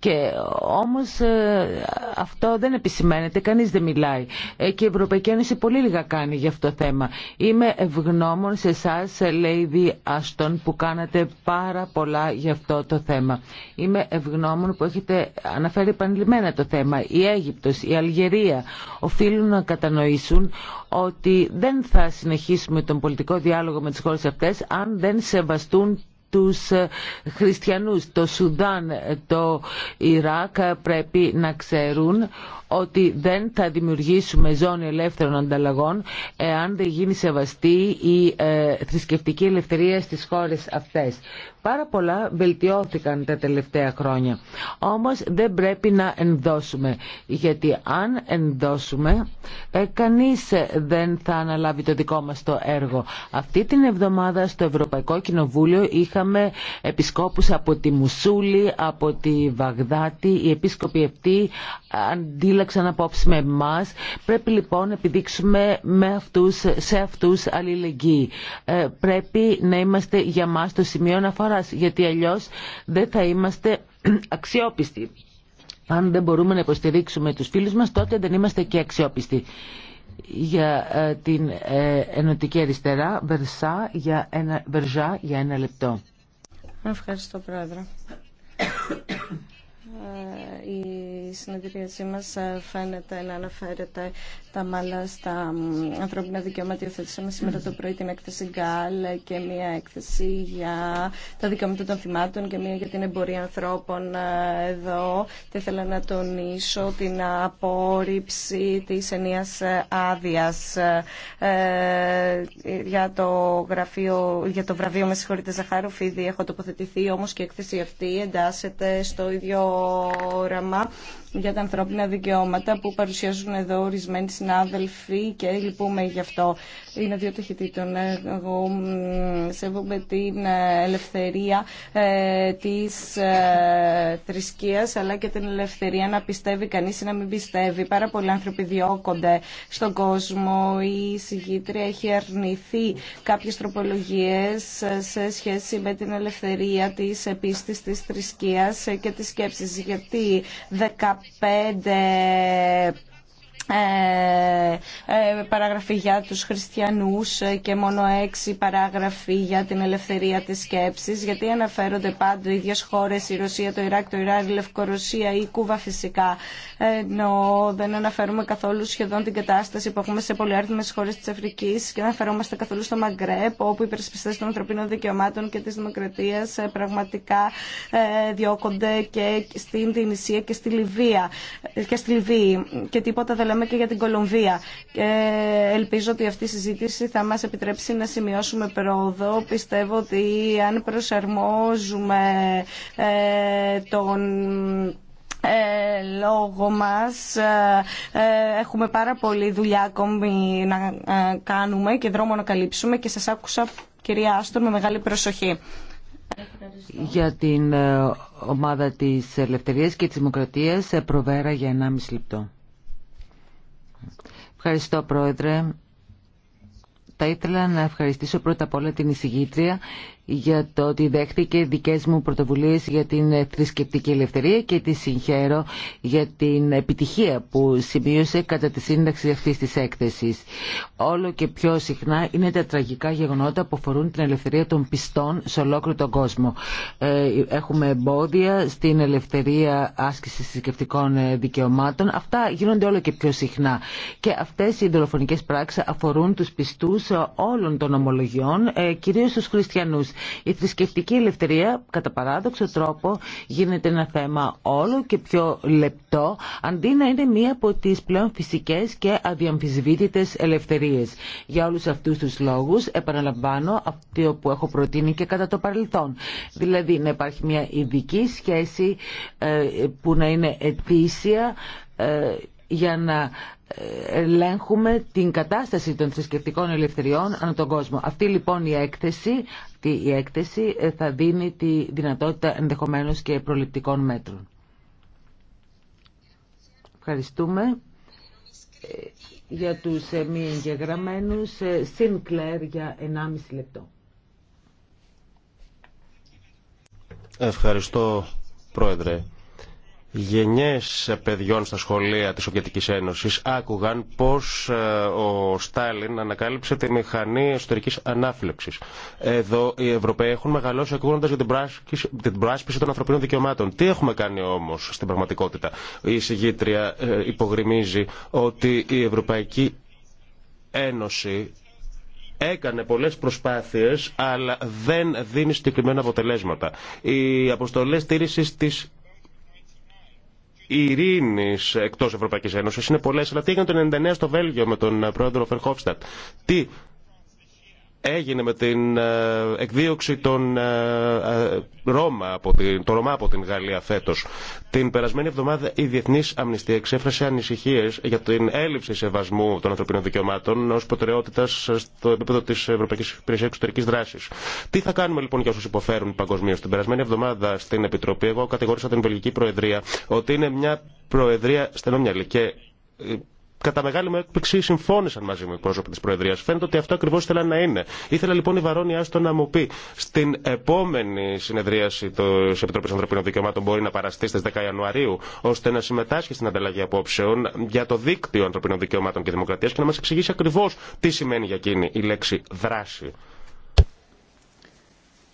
Και όμως ε, αυτό δεν επισημαίνεται, κανείς δεν μιλάει. Ε, και η Ευρωπαϊκή Ένωση πολύ λίγα κάνει για αυτό το θέμα. Είμαι ευγνώμων σε εσά, Lady Ashton, που κάνατε πάρα πολλά για αυτό το θέμα. Είμαι ευγνώμων που έχετε αναφέρει επανειλημμένα το θέμα. Η Αίγυπτος, η Αλγερία οφείλουν να κατανοήσουν ότι δεν θα συνεχίσουμε τον πολιτικό διάλογο με τις χώρες αυτές αν δεν σεβαστούν τους ε, χριστιανούς. Το Σουδάν, ε, το Ιράκ ε, πρέπει να ξέρουν ότι δεν θα δημιουργήσουμε ζώνη ελεύθερων ανταλλαγών εάν δεν γίνει σεβαστή η ε, θρησκευτική ελευθερία στις χώρες αυτές. Πάρα πολλά βελτιώθηκαν τα τελευταία χρόνια. Όμως δεν πρέπει να ενδώσουμε, γιατί αν ενδώσουμε, ε, δεν θα αναλάβει το δικό μας το έργο. Αυτή την εβδομάδα στο Ευρωπαϊκό Κοινοβούλιο είχαμε επισκόπους από τη Μουσούλη, από τη Βαγδάτη. Οι επίσκοποι αυτοί απόψη με εμά. Πρέπει λοιπόν να επιδείξουμε με αυτούς, σε αυτού αλληλεγγύη. Ε, πρέπει να είμαστε για μα το σημείο αναφορά, γιατί αλλιώ δεν θα είμαστε αξιόπιστοι. Αν δεν μπορούμε να υποστηρίξουμε τους φίλους μας, τότε δεν είμαστε και αξιόπιστοι. Για ε, την ε, Ενωτική Αριστερά, Βερσά, για ένα, Βερζά, για ένα λεπτό. Ευχαριστώ, Πρόεδρε. Ε, η συνεδρίασή μας ε, φαίνεται να αναφέρεται τα μάλλα στα ανθρώπινα δικαιώματα. Υιοθετήσαμε σήμερα το πρωί την έκθεση Γκάλ και μία έκθεση για τα δικαιώματα των θυμάτων και μία για την εμπορία ανθρώπων ε, εδώ. Θα ήθελα να τονίσω την απόρριψη της ενίας ε, άδεια ε, για το γραφείο, για το βραβείο με συγχωρείτε Ζαχάροφ. Ήδη έχω τοποθετηθεί όμως και η έκθεση αυτή εντάσσεται στο ίδιο όραμα για τα ανθρώπινα δικαιώματα που παρουσιάζουν εδώ ορισμένοι συνάδελφοι και λυπούμε γι' αυτό. Είναι δύο ταχυτήτων. Εγώ σέβομαι την ε, ελευθερία ε, της ε, θρησκείας αλλά και την ελευθερία να πιστεύει κανείς ή να μην πιστεύει. Πάρα πολλοί άνθρωποι διώκονται στον κόσμο. Η συγκήτρια έχει αρνηθεί κάποιες τροπολογίες ε, σε σχέση με την ελευθερία της επίστης της θρησκείας ε, και της σκέψης. Γιατί δεκά 15 ε, ε, παράγραφη για τους χριστιανούς και μόνο έξι παράγραφη για την ελευθερία της σκέψης γιατί αναφέρονται πάντοτε οι ίδιες χώρες η Ρωσία, το Ιράκ, το Ιράκ, η Λευκορωσία ή η Κούβα φυσικά ενώ δεν αναφέρουμε καθόλου σχεδόν την κατάσταση που έχουμε σε πολυάριθμες χώρες της Αφρικής και δεν αναφερόμαστε καθόλου στο Μαγκρέπ όπου οι υπερασπιστές των ανθρωπίνων δικαιωμάτων και της δημοκρατίας ε, πραγματικά διώκονται και στην Τινησία και στη Λιβύη και Λιβύη και τίποτα δεν και για την Κολομβία. Και ελπίζω ότι αυτή η συζήτηση θα μας επιτρέψει να σημειώσουμε πρόοδο. Πιστεύω ότι αν προσαρμόζουμε ε, τον ε, λόγο μας ε, ε, έχουμε πάρα πολλή δουλειά ακόμη να κάνουμε και δρόμο να καλύψουμε και σας άκουσα κυρία Άστορ, με μεγάλη προσοχή. Για την ομάδα της Ελευθερίας και της Δημοκρατίας προβέρα για 1,5 λεπτό. Ευχαριστώ Πρόεδρε. Θα ήθελα να ευχαριστήσω πρώτα απ' όλα την εισηγήτρια για το ότι δέχτηκε δικές μου πρωτοβουλίες για την θρησκευτική ελευθερία και τη συγχαίρω για την επιτυχία που σημείωσε κατά τη σύνταξη αυτή της έκθεσης. Όλο και πιο συχνά είναι τα τραγικά γεγονότα που αφορούν την ελευθερία των πιστών σε ολόκληρο τον κόσμο. Ε, έχουμε εμπόδια στην ελευθερία άσκηση θρησκευτικών ε, δικαιωμάτων. Αυτά γίνονται όλο και πιο συχνά. Και αυτές οι δολοφονικές πράξεις αφορούν τους πιστούς ε, όλων των ομολογιών, κυρίως τους χριστιανούς. Η θρησκευτική ελευθερία, κατά παράδοξο τρόπο, γίνεται ένα θέμα όλο και πιο λεπτό, αντί να είναι μία από τις πλέον φυσικές και αδιαμφισβήτητες ελευθερίες. Για όλους αυτούς τους λόγους, επαναλαμβάνω αυτό που έχω προτείνει και κατά το παρελθόν. Δηλαδή, να υπάρχει μία ειδική σχέση ε, που να είναι ετήσια ε, για να ελέγχουμε την κατάσταση των θρησκευτικών ελευθεριών ανά τον κόσμο. Αυτή λοιπόν η έκθεση, η έκθεση ε, θα δίνει τη δυνατότητα ενδεχομένως και προληπτικών μέτρων. Ευχαριστούμε ε, για τους ε, μη εγγεγραμμένους. Σινκλέρ για 1,5 λεπτό. Ευχαριστώ, Πρόεδρε γενιές παιδιών στα σχολεία της Σοβιετικής Ένωσης άκουγαν πως ε, ο Στάλιν ανακάλυψε τη μηχανή εσωτερικής ανάφλεξης. Εδώ οι Ευρωπαίοι έχουν μεγαλώσει ακούγοντας για την πράσπιση των ανθρωπίνων δικαιωμάτων. Τι έχουμε κάνει όμως στην πραγματικότητα. Η συγγήτρια ε, υπογρυμίζει ότι η Ευρωπαϊκή Ένωση έκανε πολλές προσπάθειες αλλά δεν δίνει συγκεκριμένα αποτελέσματα. Οι αποστολές στήρησης της ειρήνη εκτό Ευρωπαϊκή Ένωση. Είναι πολλέ, αλλά τι έγινε το 99 στο Βέλγιο με τον πρόεδρο Φερχόφστατ. Τι έγινε με την ε, εκδίωξη των ε, ε, Ρώμα από την, το από την Γαλλία φέτος. Την περασμένη εβδομάδα η Διεθνής Αμνηστία εξέφρασε ανησυχίες για την έλλειψη σεβασμού των ανθρωπίνων δικαιωμάτων ως προτεραιότητα στο επίπεδο της Ευρωπαϊκής Υπηρεσίας Εξωτερικής Δράσης. Τι θα κάνουμε λοιπόν για όσους υποφέρουν παγκοσμίω. Την περασμένη εβδομάδα στην Επιτροπή εγώ κατηγόρησα την Βελγική Προεδρία ότι είναι μια Προεδρία στενόμυαλη και κατά μεγάλη μου έκπληξη συμφώνησαν μαζί μου οι πρόσωποι τη Προεδρία. Φαίνεται ότι αυτό ακριβώ ήθελαν να είναι. Ήθελα λοιπόν η Βαρόνια Άστο να μου πει στην επόμενη συνεδρίαση τη Επιτροπή Ανθρωπίνων Δικαιωμάτων μπορεί να παραστεί στι 10 Ιανουαρίου, ώστε να συμμετάσχει στην ανταλλαγή απόψεων για το δίκτυο ανθρωπίνων δικαιωμάτων και δημοκρατία και να μα εξηγήσει ακριβώ τι σημαίνει για εκείνη η λέξη δράση.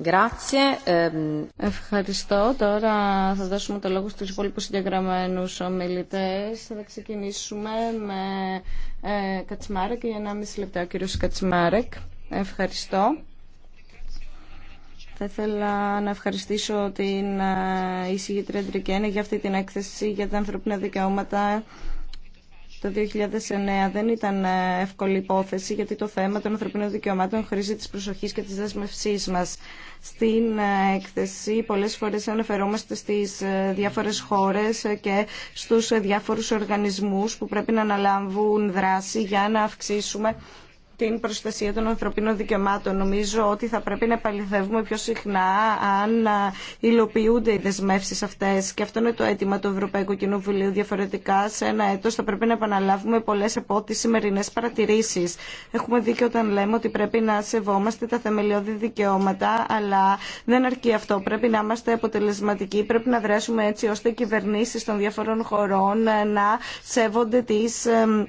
Ehm. Ευχαριστώ. Τώρα θα δώσουμε το λόγο στους υπόλοιπους συγγεγραμμένους ομιλητές. Θα ξεκινήσουμε με ε, Κατσμάρεκ για 1,5 λεπτά. Ο κύριος Κατσμάρεκ. Ευχαριστώ. Θα ήθελα να ευχαριστήσω την εισηγήτρια Τρικένε για αυτή την έκθεση για τα ανθρωπίνα δικαιώματα το 2009 δεν ήταν ε, εύκολη υπόθεση γιατί το θέμα των ανθρωπίνων δικαιωμάτων χρήζει της προσοχής και της δεσμευσής μας. Στην ε, έκθεση πολλές φορές αναφερόμαστε στις ε, διάφορες χώρες και στους διάφορους οργανισμούς που πρέπει να αναλάμβουν δράση για να αυξήσουμε την προστασία των ανθρωπίνων δικαιωμάτων. Νομίζω ότι θα πρέπει να επαληθεύουμε πιο συχνά αν ε, υλοποιούνται οι δεσμεύσει αυτέ. Και αυτό είναι το αίτημα του Ευρωπαϊκού Κοινοβουλίου. Διαφορετικά, σε ένα έτο θα πρέπει να επαναλάβουμε πολλέ από τι σημερινέ παρατηρήσει. Έχουμε δίκιο όταν λέμε ότι πρέπει να σεβόμαστε τα θεμελιώδη δικαιώματα, αλλά δεν αρκεί αυτό. Πρέπει να είμαστε αποτελεσματικοί. Πρέπει να δράσουμε έτσι ώστε οι κυβερνήσει των διαφορών χωρών ε, να σέβονται τι ε,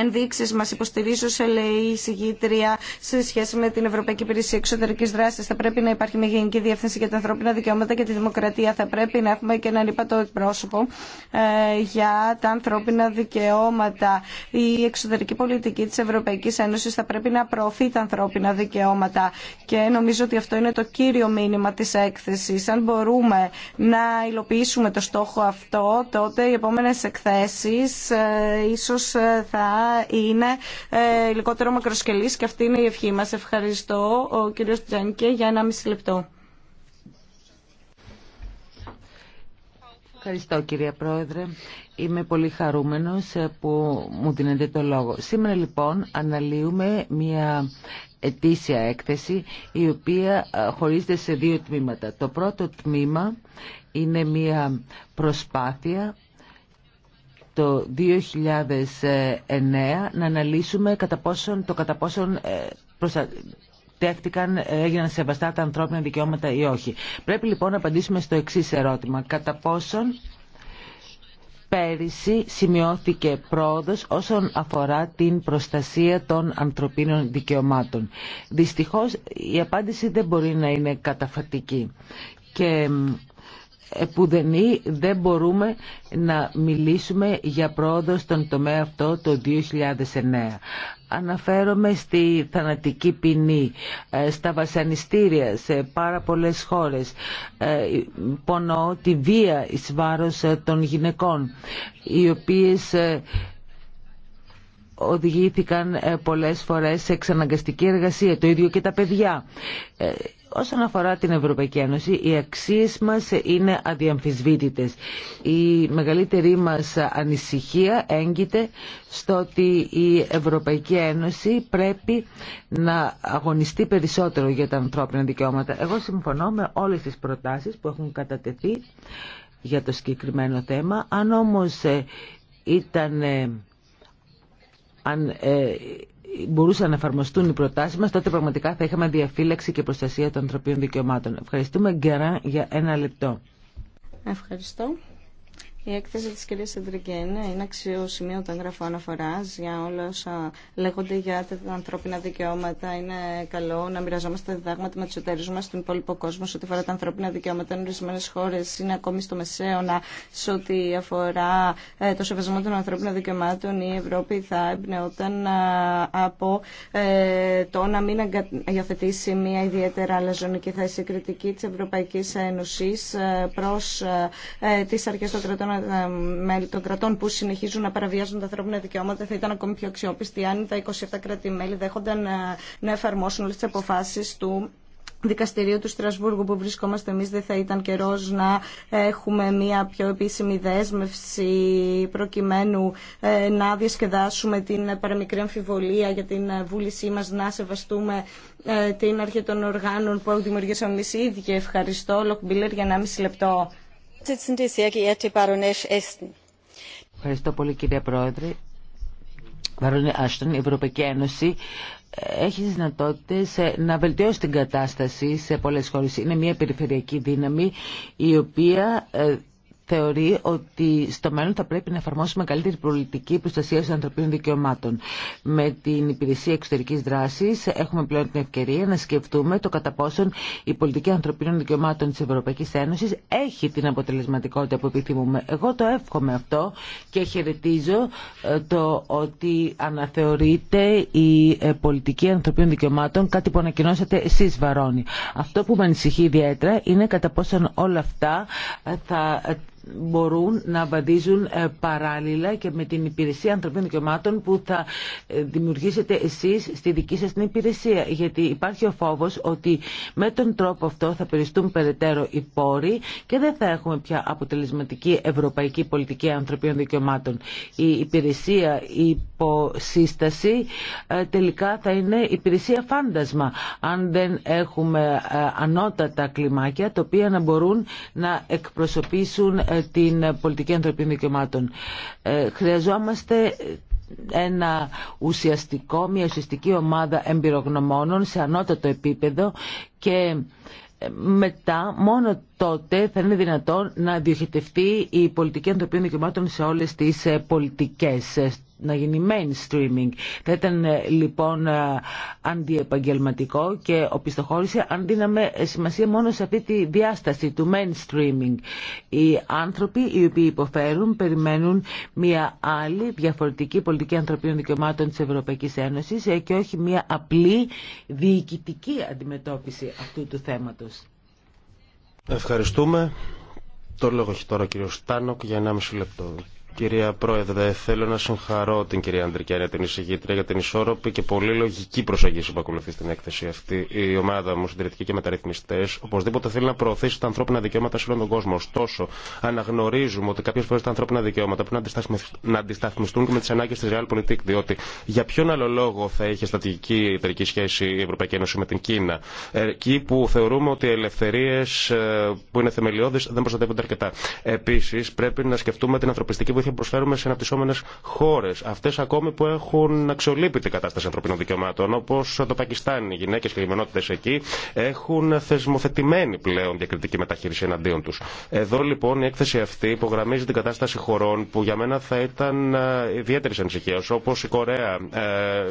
ενδείξεις μας υποστηρίζω σε λέει η συγγήτρια σε σχέση με την Ευρωπαϊκή Υπηρεσία Εξωτερικής Δράσης. Θα πρέπει να υπάρχει μια γενική διεύθυνση για τα ανθρώπινα δικαιώματα και τη δημοκρατία. Θα πρέπει να έχουμε και έναν υπατό εκπρόσωπο ε, για τα ανθρώπινα δικαιώματα. Η εξωτερική πολιτική της Ευρωπαϊκής Ένωσης θα πρέπει να προωθεί τα ανθρώπινα δικαιώματα και νομίζω ότι αυτό είναι το κύριο μήνυμα της έκθεσης. Αν μπορούμε να υλοποιήσουμε το στόχο αυτό, τότε οι επόμενες εκθέσεις ε, ίσως ε, θα είναι ε, λιγότερο μακροσκελή και αυτή είναι η ευχή μα. Ευχαριστώ ο κύριο Τζάνικε για ένα μισή λεπτό. Ευχαριστώ κυρία Πρόεδρε. Είμαι πολύ χαρούμενος που μου δίνετε το λόγο. Σήμερα λοιπόν αναλύουμε μια ετήσια έκθεση η οποία ε, χωρίζεται σε δύο τμήματα. Το πρώτο τμήμα είναι μια προσπάθεια το 2009 να αναλύσουμε κατά πόσον, το κατά πόσον ε, προστατεύτηκαν, ε, έγιναν σεβαστά τα ανθρώπινα δικαιώματα ή όχι. Πρέπει λοιπόν να απαντήσουμε στο εξή ερώτημα. Κατά πόσον πέρυσι σημειώθηκε πρόοδος όσον αφορά την προστασία των ανθρωπίνων δικαιωμάτων. Δυστυχώς η απάντηση δεν μπορεί να είναι καταφατική. Και επουδενή δεν μπορούμε να μιλήσουμε για πρόοδο στον τομέα αυτό το 2009. Αναφέρομαι στη θανατική ποινή, ε, στα βασανιστήρια σε πάρα πολλές χώρες. Ε, πονώ τη βία εις βάρος ε, των γυναικών, οι οποίες οδηγήθηκαν πολλές φορές σε εξαναγκαστική εργασία. Το ίδιο και τα παιδιά. Όσον αφορά την Ευρωπαϊκή Ένωση, οι αξίες μας είναι αδιαμφισβήτητες. Η μεγαλύτερη μας ανησυχία έγκυται στο ότι η Ευρωπαϊκή Ένωση πρέπει να αγωνιστεί περισσότερο για τα ανθρώπινα δικαιώματα. Εγώ συμφωνώ με όλες τις προτάσεις που έχουν κατατεθεί για το συγκεκριμένο θέμα. Αν όμως ε, ήταν... Ε, ε, μπορούσαν να εφαρμοστούν οι προτάσει μας, τότε πραγματικά θα είχαμε διαφύλαξη και προστασία των ανθρωπίνων δικαιωμάτων. Ευχαριστούμε Γκέρα για ένα λεπτό. Ευχαριστώ. Η έκθεση τη κυρία Αντρικέν ναι, είναι είναι το έγγραφο αναφορά. για όλα όσα λέγονται για τα ανθρώπινα δικαιώματα. Είναι καλό να μοιραζόμαστε διδάγματα με του εταίρου μα στον υπόλοιπο κόσμο σε ό,τι αφορά τα ανθρώπινα δικαιώματα. Είναι ορισμένε χώρε είναι ακόμη στο μεσαίωνα σε ό,τι αφορά ε, το σεβασμό των ανθρώπινων δικαιωμάτων. Η Ευρώπη θα εμπνεόταν ε, από ε, το να μην αγιοθετήσει μια ιδιαίτερα αλαζονική θέση κριτική της Ευρωπαϊκής Ένωσης προς τι αρχέ των κρατών ε, μέλη των κρατών που συνεχίζουν να παραβιάζουν τα ανθρώπινα δικαιώματα θα ήταν ακόμη πιο αξιόπιστη αν τα 27 κράτη-μέλη δέχονταν ε, να εφαρμόσουν όλε τι αποφάσει του δικαστηρίου του Στρασβούργου που βρισκόμαστε εμείς δεν θα ήταν καιρός να έχουμε μια πιο επίσημη δέσμευση προκειμένου ε, να διασκεδάσουμε την παραμικρή αμφιβολία για την βούλησή μας να σεβαστούμε την αρχή των οργάνων που δημιουργήσαμε εμείς οι και Ευχαριστώ. Λοκμπίλερ για 1,5 λεπτό. Ευχαριστώ πολύ κύριε Πρόεδρε. Βαρόνι Άστον, η Ευρωπαϊκή Ένωση ε, έχει δυνατότητε ε, να βελτιώσει την κατάσταση σε πολλές χώρες. Είναι μια περιφερειακή δύναμη η οποία ε, θεωρεί ότι στο μέλλον θα πρέπει να εφαρμόσουμε καλύτερη πολιτική προστασία των ανθρωπίνων δικαιωμάτων. Με την υπηρεσία εξωτερική δράση έχουμε πλέον την ευκαιρία να σκεφτούμε το κατά πόσον η πολιτική ανθρωπίνων δικαιωμάτων τη Ευρωπαϊκή Ένωση έχει την αποτελεσματικότητα που επιθυμούμε. Εγώ το εύχομαι αυτό και χαιρετίζω ε, το ότι αναθεωρείται η ε, πολιτική ανθρωπίνων δικαιωμάτων, κάτι που ανακοινώσατε εσεί, Βαρόνι. Αυτό που με ανησυχεί ιδιαίτερα είναι κατά πόσον όλα αυτά ε, θα μπορούν να βαδίζουν ε, παράλληλα και με την υπηρεσία ανθρωπίνων δικαιωμάτων που θα ε, δημιουργήσετε εσείς στη δική σας την υπηρεσία. Γιατί υπάρχει ο φόβος ότι με τον τρόπο αυτό θα περιστούν περαιτέρω οι πόροι και δεν θα έχουμε πια αποτελεσματική ευρωπαϊκή πολιτική ανθρωπίνων δικαιωμάτων. Η υπηρεσία υποσύσταση ε, τελικά θα είναι υπηρεσία φάντασμα αν δεν έχουμε ανώτατα κλιμάκια τα οποία να μπορούν να εκπροσωπήσουν την πολιτική ανθρωπίνων δικαιωμάτων. Ε, χρειαζόμαστε ένα ουσιαστικό, μια ουσιαστική ομάδα εμπειρογνωμόνων σε ανώτατο επίπεδο και ε, μετά μόνο τότε θα είναι δυνατόν να διοχετευτεί η πολιτική ανθρωπίνων δικαιωμάτων σε όλες τις ε, πολιτικές να γίνει mainstreaming. Θα ήταν ε, λοιπόν ε, αντιεπαγγελματικό και οπισθοχώρηση αν δίναμε ε, σημασία μόνο σε αυτή τη διάσταση του mainstreaming. Οι άνθρωποι οι οποίοι υποφέρουν περιμένουν μια άλλη διαφορετική πολιτική ανθρωπίνων δικαιωμάτων της Ευρωπαϊκής Ένωσης και όχι μια απλή διοικητική αντιμετώπιση αυτού του θέματος. Ευχαριστούμε. Το λόγο έχει τώρα ο κύριος Τάνοκ για 1,5 λεπτό. Κυρία Πρόεδρε, θέλω να συγχαρώ την κυρία Αντρικιάνια, την εισηγήτρια, για την ισόρροπη και πολύ λογική προσέγγιση που ακολουθεί στην έκθεση αυτή. Η ομάδα μου, συντηρητικοί και μεταρρυθμιστέ, οπωσδήποτε θέλει να προωθήσει τα ανθρώπινα δικαιώματα σε όλο τον κόσμο. Ωστόσο, αναγνωρίζουμε ότι κάποιε φορέ τα ανθρώπινα δικαιώματα πρέπει να αντισταθμιστούν και με τι ανάγκε τη Realpolitik. Διότι για ποιον άλλο λόγο θα είχε στατηγική εταιρική σχέση η Ευρωπαϊκή Ένωση με την Κίνα, εκεί που θεωρούμε ότι οι ελευθερίε ε, που είναι θεμελιώδει δεν προστατεύονται αρκετά. Επίση, πρέπει να σκεφτούμε την ανθρωπιστική έχει προσφέρουμε σε αναπτυσσόμενε χώρε, αυτέ ακόμη που έχουν αξιολείπητη κατάσταση ανθρωπίνων δικαιωμάτων, όπω το Πακιστάν, οι γυναίκε και οι εκεί έχουν θεσμοθετημένη πλέον διακριτική μεταχείριση εναντίον του. Εδώ λοιπόν η έκθεση αυτή υπογραμμίζει την κατάσταση χωρών που για μένα θα ήταν ε, ιδιαίτερη ανησυχία, όπω η Κορέα, ε,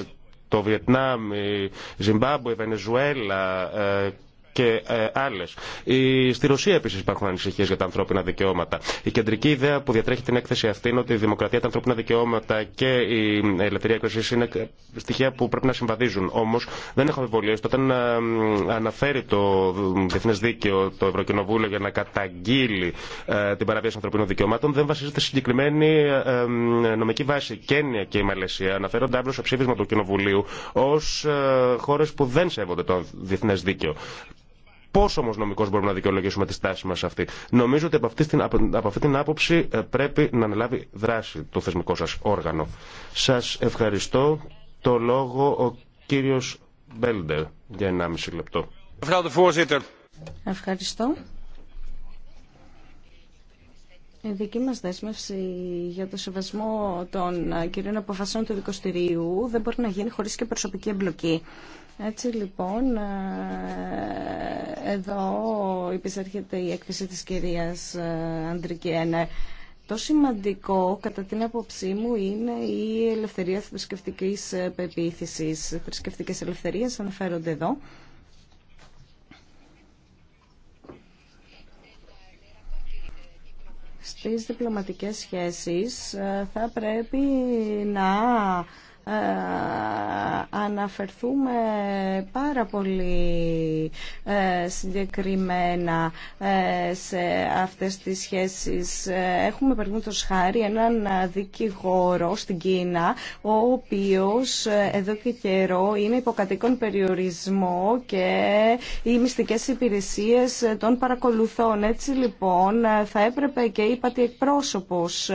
το Βιετνάμ, η Ζιμπάμπου, η Βενεζουέλα, ε, και ε, άλλε. Στη Ρωσία επίση υπάρχουν ανησυχίε για τα ανθρώπινα δικαιώματα. Η κεντρική ιδέα που διατρέχει την έκθεση αυτή είναι ότι η δημοκρατία, τα ανθρώπινα δικαιώματα και η ελευθερία έκθεση είναι στοιχεία που πρέπει να συμβαδίζουν. Όμω δεν έχω αμφιβολίε. Όταν αναφέρει το Διεθνέ Δίκαιο το Ευρωκοινοβούλιο για να καταγγείλει ε, την παραβίαση ανθρωπίνων δικαιωμάτων, δεν βασίζεται σε συγκεκριμένη ε, νομική βάση. Κένια και η Μαλαισία αναφέρονται αύριο σε ψήφισμα του Κοινοβουλίου ω χώρε που δεν σέβονται το Διεθνέ Δίκαιο. Πώ όμω νομικώ μπορούμε να δικαιολογήσουμε τη στάση μα αυτή. Νομίζω ότι από αυτή, την, από αυτή την άποψη ε, πρέπει να αναλάβει δράση το θεσμικό σα όργανο. Σα ευχαριστώ. Το λόγο ο κύριο Μπέλντερ για 1,5 λεπτό. Ευχαριστώ. Η δική μας δέσμευση για το σεβασμό των ε, κυρίων αποφασών του δικοστηρίου δεν μπορεί να γίνει χωρίς και προσωπική εμπλοκή. Έτσι λοιπόν, ε, εδώ υπησέρχεται η έκθεση της κυρίας ε, Αντρικένε. Το σημαντικό, κατά την άποψή μου, είναι η ελευθερία θρησκευτική ε, πεποίθησης. Θρησκευτικές ελευθερίες αναφέρονται εδώ. Στις διπλωματικές σχέσεις θα πρέπει να ε, αναφερθούμε πάρα πολύ ε, συγκεκριμένα ε, σε αυτές τις σχέσεις. Έχουμε το χάρη έναν δικηγόρο στην Κίνα, ο οποίος εδώ και καιρό είναι υποκατοίκον περιορισμό και οι μυστικές υπηρεσίες τον παρακολουθών. Έτσι λοιπόν θα έπρεπε και είπατε εκπρόσωπος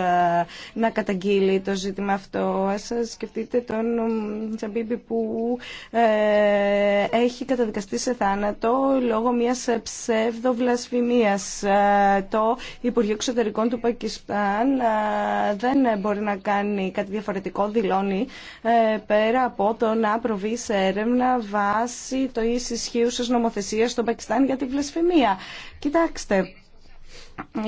να καταγγείλει το ζήτημα αυτό. Ας σκεφτείτε τον Τζαμπίμπη που ε, έχει καταδικαστεί σε θάνατο λόγω μιας ψεύδο βλασφημίας. Ε, το Υπουργείο Εξωτερικών του Πακιστάν ε, δεν μπορεί να κάνει κάτι διαφορετικό, δηλώνει, πέρα από το να προβεί σε έρευνα βάσει το ισχύουσες νομοθεσία στο Πακιστάν για τη βλασφημία. Κοιτάξτε,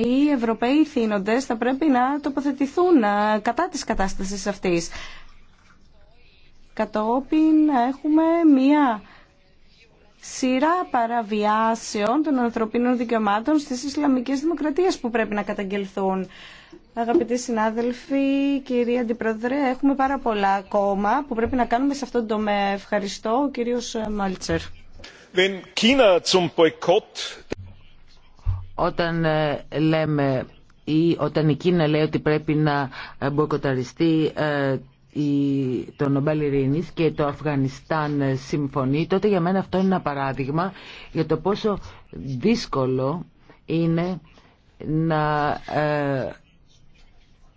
οι Ευρωπαίοι θύνοντες θα πρέπει να τοποθετηθούν κατά της κατάστασης αυτής. Κατόπιν έχουμε μία σειρά παραβιάσεων των ανθρωπίνων δικαιωμάτων στις Ισλαμικές Δημοκρατίες που πρέπει να καταγγελθούν. Αγαπητοί συνάδελφοι, κυρία Αντιπρόεδρε, έχουμε πάρα πολλά ακόμα που πρέπει να κάνουμε σε αυτόν τον τομέα. Ευχαριστώ, ο κύριος Μάλτσερ. Όταν ε, λέμε ή όταν η Κίνα λέει ότι πρέπει να ε, μποϊκοταριστεί ε, το Νομπέλ Ειρήνης και το Αφγανιστάν συμφωνεί, τότε για μένα αυτό είναι ένα παράδειγμα για το πόσο δύσκολο είναι να ε,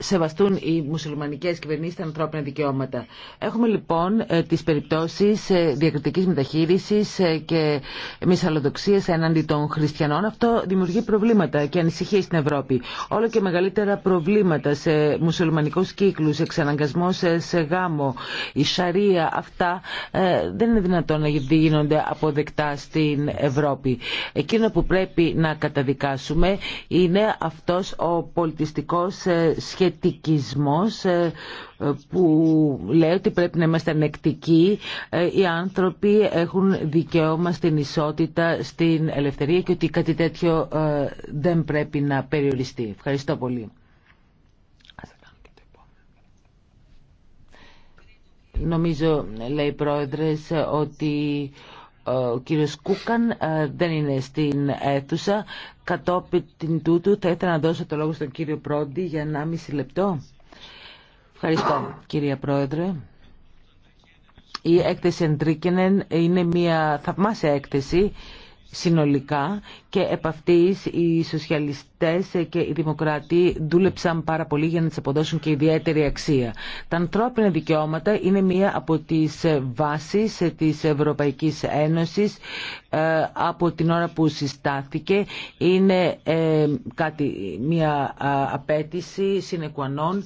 σεβαστούν οι μουσουλμανικές κυβερνήσεις τα ανθρώπινα δικαιώματα. Έχουμε λοιπόν ε, τις περιπτώσεις ε, διακριτικής μεταχείρισης ε, και μυσαλλοδοξίας έναντι των χριστιανών. Αυτό δημιουργεί προβλήματα και ανησυχίε στην Ευρώπη. Όλο και μεγαλύτερα προβλήματα σε μουσουλμανικούς κύκλους, εξαναγκασμό σε γάμο, η σαρία, αυτά δεν είναι δυνατόν να γίνονται αποδεκτά στην Ευρώπη. Εκείνο που πρέπει να καταδικάσουμε είναι αυτό ο πολιτιστικός σχέδιο. Ε, ε, που λέει ότι πρέπει να είμαστε ανεκτικοί. Ε, οι άνθρωποι έχουν δικαίωμα στην ισότητα, στην ελευθερία και ότι κάτι τέτοιο δεν πρέπει να περιοριστεί. Ευχαριστώ πολύ. Νομίζω, λέει η Πρόεδρες, ότι ο κύριος Κούκαν ε, δεν είναι στην αίθουσα. Κατόπιν τούτου θα ήθελα να δώσω το λόγο στον κύριο Πρόντι για 1,5 λεπτό. Ευχαριστώ κύριε Πρόεδρε. Η έκθεση Εντρίκενεν είναι μια θαυμάσια έκθεση συνολικά και επ' αυτής οι σοσιαλιστές και οι δημοκρατοί δούλεψαν πάρα πολύ για να τι αποδώσουν και ιδιαίτερη αξία. Τα ανθρώπινα δικαιώματα είναι μία από τις βάσεις της Ευρωπαϊκής Ένωσης ε, από την ώρα που συστάθηκε. Είναι ε, κάτι, μία απέτηση συνεκουανών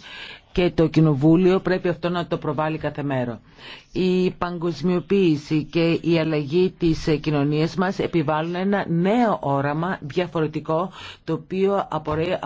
και το Κοινοβούλιο πρέπει αυτό να το προβάλλει κάθε μέρο η παγκοσμιοποίηση και η αλλαγή της κοινωνίας μας επιβάλλουν ένα νέο όραμα διαφορετικό το οποίο απορρέει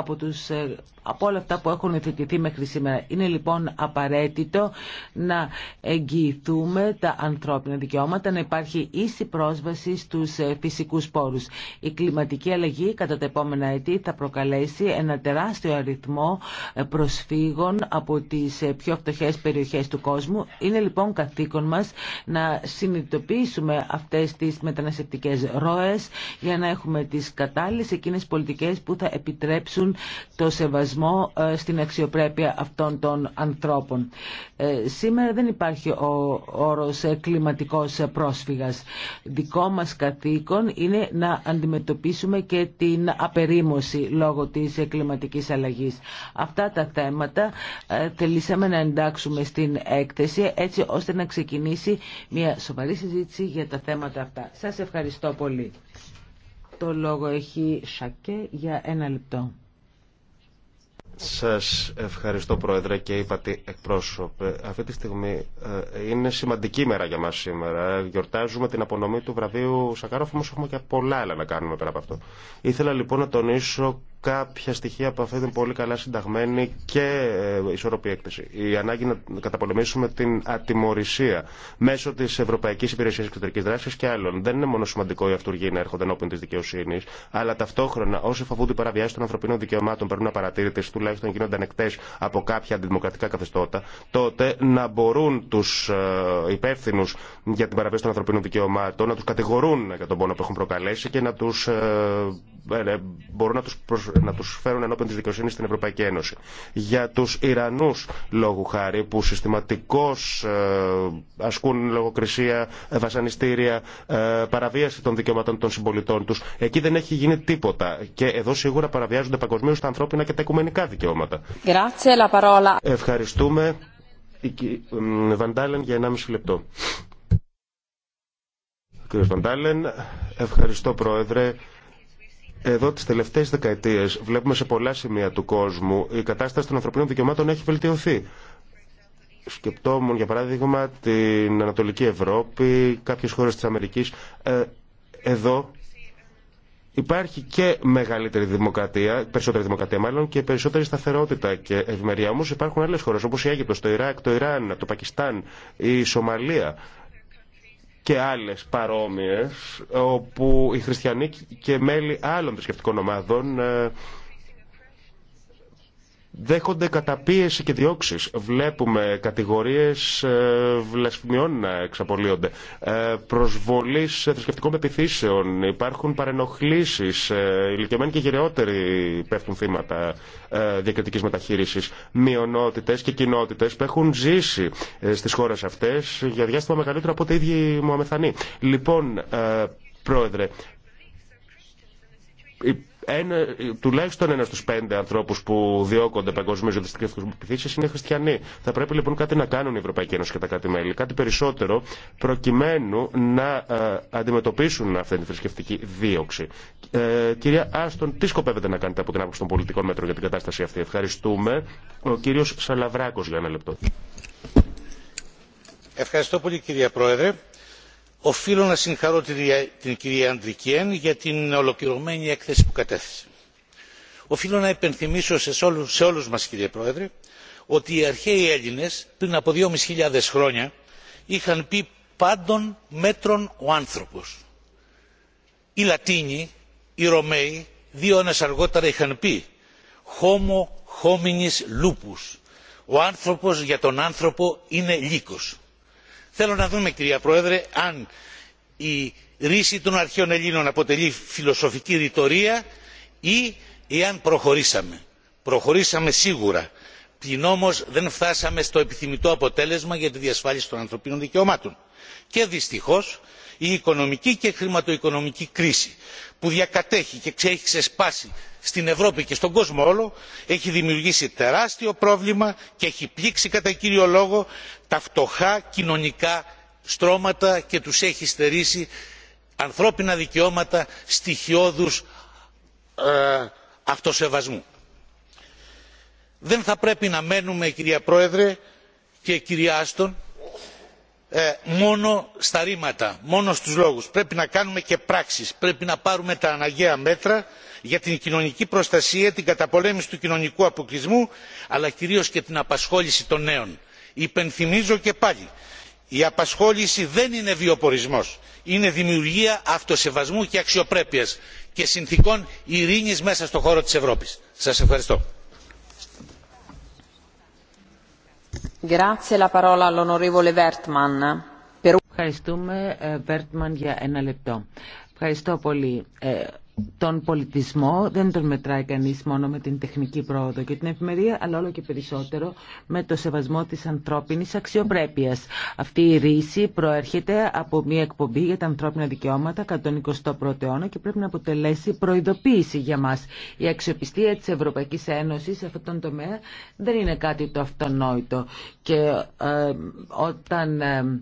από, όλα αυτά που έχουν εθετηθεί μέχρι σήμερα. Είναι λοιπόν απαραίτητο να εγγυηθούμε τα ανθρώπινα δικαιώματα, να υπάρχει ίση πρόσβαση στους ε, φυσικούς πόρους. Η κλιματική αλλαγή κατά τα επόμενα έτη θα προκαλέσει ένα τεράστιο αριθμό ε, προσφύγων από τις ε, πιο φτωχές περιοχές του κόσμου. Είναι λοιπόν καθήκον μας να συνειδητοποιήσουμε αυτές τις μεταναστευτικές ροές για να έχουμε τις κατάλληλες εκείνες πολιτικές που θα επιτρέψουν το σεβασμό ε, στην αξιοπρέπεια αυτών των ανθρώπων. Ε, σήμερα δεν υπάρχει ο όρος ε, κλιματικός πρόσφυγας. Δικό μας καθήκον είναι να αντιμετωπίσουμε και την απερίμωση λόγω της κλιματικής αλλαγής. Αυτά τα θέματα θελήσαμε να εντάξουμε στην έκθεση έτσι ώστε να ξεκινήσει μια σοβαρή συζήτηση για τα θέματα αυτά. Σας ευχαριστώ πολύ. Το λόγο έχει Σακέ για ένα λεπτό. Σας ευχαριστώ Πρόεδρε και είπατε εκπρόσωπε. Αυτή τη στιγμή ε, είναι σημαντική μέρα για μας σήμερα. Γιορτάζουμε την απονομή του βραβείου Σακάροφ, όμως έχουμε και πολλά άλλα να κάνουμε πέρα από αυτό. Ήθελα λοιπόν να τονίσω κάποια στοιχεία που αυτά είναι πολύ καλά συνταγμένη και ε, ισορροπή έκθεση. Η ανάγκη να καταπολεμήσουμε την ατιμορρησία μέσω τη Ευρωπαϊκή Υπηρεσία Εξωτερική Δράση και άλλων. Δεν είναι μόνο σημαντικό οι αυτούργοι να έρχονται ενώπιον τη δικαιοσύνη, αλλά ταυτόχρονα όσοι φοβούνται παραβιάσει των ανθρωπίνων δικαιωμάτων πρέπει να παρατηρητέ, τουλάχιστον γίνονται ανεκτέ από κάποια αντιδημοκρατικά καθεστώτα, τότε να μπορούν του ε, υπεύθυνου για την παραβίαση των ανθρωπίνων δικαιωμάτων να του κατηγορούν για τον πόνο που έχουν προκαλέσει και να του ε, ε, μπορούν να τους, να τους φέρουν ενώπιον της δικαιοσύνης στην Ευρωπαϊκή Ένωση. Για τους Ιρανούς λόγου χάρη που συστηματικώς ε, ασκούν λογοκρισία, ε, βασανιστήρια, παραβίαση των δικαιωμάτων των συμπολιτών τους, εκεί δεν έχει γίνει τίποτα. Και εδώ σίγουρα παραβιάζονται παγκοσμίω τα ανθρώπινα και τα οικουμενικά δικαιώματα. Ευχαριστούμε. Βαντάλεν για 1,5 λεπτό. Κύριε Βαντάλεν, ευχαριστώ Πρόεδρε. Εδώ τις τελευταίες δεκαετίες βλέπουμε σε πολλά σημεία του κόσμου η κατάσταση των ανθρωπίνων δικαιωμάτων έχει βελτιωθεί. Σκεπτόμουν για παράδειγμα την Ανατολική Ευρώπη, κάποιες χώρες της Αμερικής. Ε, εδώ υπάρχει και μεγαλύτερη δημοκρατία, περισσότερη δημοκρατία μάλλον και περισσότερη σταθερότητα και ευημερία. Όμως υπάρχουν άλλες χώρες, όπως η Αίγυπτος, το Ιράκ, το Ιράν, το Πακιστάν, η Σομαλία και άλλε παρόμοιε, όπου οι χριστιανοί και μέλη άλλων θρησκευτικών ομάδων ε, δέχονται καταπίεση και διώξει. Βλέπουμε κατηγορίε ε, βλασφημιών να εξαπολύονται, ε, προσβολή θρησκευτικών πεπιθήσεων, υπάρχουν παρενοχλήσει, ε, ηλικιωμένοι και γυρεότεροι πέφτουν θύματα διακριτική μεταχείριση, μειονότητε και κοινότητε που έχουν ζήσει στι χώρε αυτέ για διάστημα μεγαλύτερο από οι ίδιοι μου αμεθανοί. Λοιπόν, Πρόεδρε, ένα, τουλάχιστον ένα στου πέντε ανθρώπου που διώκονται παγκοσμίω για τι θρησκευτικέ είναι χριστιανοί. Θα πρέπει λοιπόν κάτι να κάνουν η Ευρωπαϊκή Ένωση και τα κράτη-μέλη, κάτι περισσότερο, προκειμένου να ε, αντιμετωπίσουν αυτή τη θρησκευτική δίωξη. Ε, κυρία Άστον, τι σκοπεύετε να κάνετε από την άποψη των πολιτικών μέτρων για την κατάσταση αυτή. Ευχαριστούμε. Ο κύριο Σαλαβράκο για ένα λεπτό. Ευχαριστώ πολύ, κυρία Πρόεδρε οφείλω να συγχαρώ την κυρία andrikien για την ολοκληρωμένη έκθεση που κατέθεσε. οφείλω να υπενθυμίσω σε όλους μας κύριε πρόεδρε ότι οι αρχαίοι έλληνες πριν από δύο χιλιάδες χρόνια είχαν πει πάντων μέτρων ο άνθρωπος. οι λατίνοι οι ρωμαίοι δύο αιώνες αργότερα είχαν πει homo hominis lupus ο άνθρωπος για τον άνθρωπο είναι λύκος θέλω να δούμε κυρία πρόεδρε αν η ρίση των αρχαίων ελλήνων αποτελεί φιλοσοφική ρητορία ή εάν προχωρήσαμε. προχωρήσαμε σίγουρα πλην όμως δεν φτάσαμε στο επιθυμητό αποτέλεσμα για τη διασφάλιση των ανθρωπίνων δικαιωμάτων και δυστυχώς η οικονομική και χρηματοοικονομική κρίση που διακατέχει και έχει ξεσπάσει στην ευρώπη και στον κόσμο όλο έχει δημιουργήσει τεράστιο πρόβλημα και έχει πλήξει κατά κύριο λόγο τα φτωχά κοινωνικά στρώματα και τους έχει στερήσει ανθρώπινα δικαιώματα στοιχειώδους ε, αυτοσεβασμού. δεν θα πρέπει να μένουμε κυρία πρόεδρε και κυρία άστον ε, μόνο στα ρήματα μόνο στους λόγους. πρέπει να κάνουμε και πράξεις πρέπει να πάρουμε τα αναγκαία μέτρα για την κοινωνική προστασία την καταπολέμηση του κοινωνικού αποκλεισμού αλλά κυρίως και την απασχόληση των νέων. υπενθυμίζω και πάλι η απασχόληση δεν είναι βιοπορισμός είναι δημιουργία αυτοσεβασμού και αξιοπρέπειας και συνθηκών ειρήνης μέσα στον χώρο της ευρώπης. σας ευχαριστώ. Ευχαριστούμε, Βέρτμαν, ε, για ένα λεπτό. Ευχαριστώ πολύ. Ε, τον πολιτισμό δεν τον μετράει κανείς μόνο με την τεχνική πρόοδο και την ευημερία, αλλά όλο και περισσότερο με το σεβασμό της ανθρώπινης αξιοπρέπειας. Αυτή η ρίση προέρχεται από μια εκπομπή για τα ανθρώπινα δικαιώματα κατά τον 21ο αιώνα και πρέπει να αποτελέσει προειδοποίηση για μας. Η αξιοπιστία της Ευρωπαϊκής Ένωσης σε αυτόν τον τομέα δεν είναι κάτι το αυτονόητο και ε, όταν... Ε,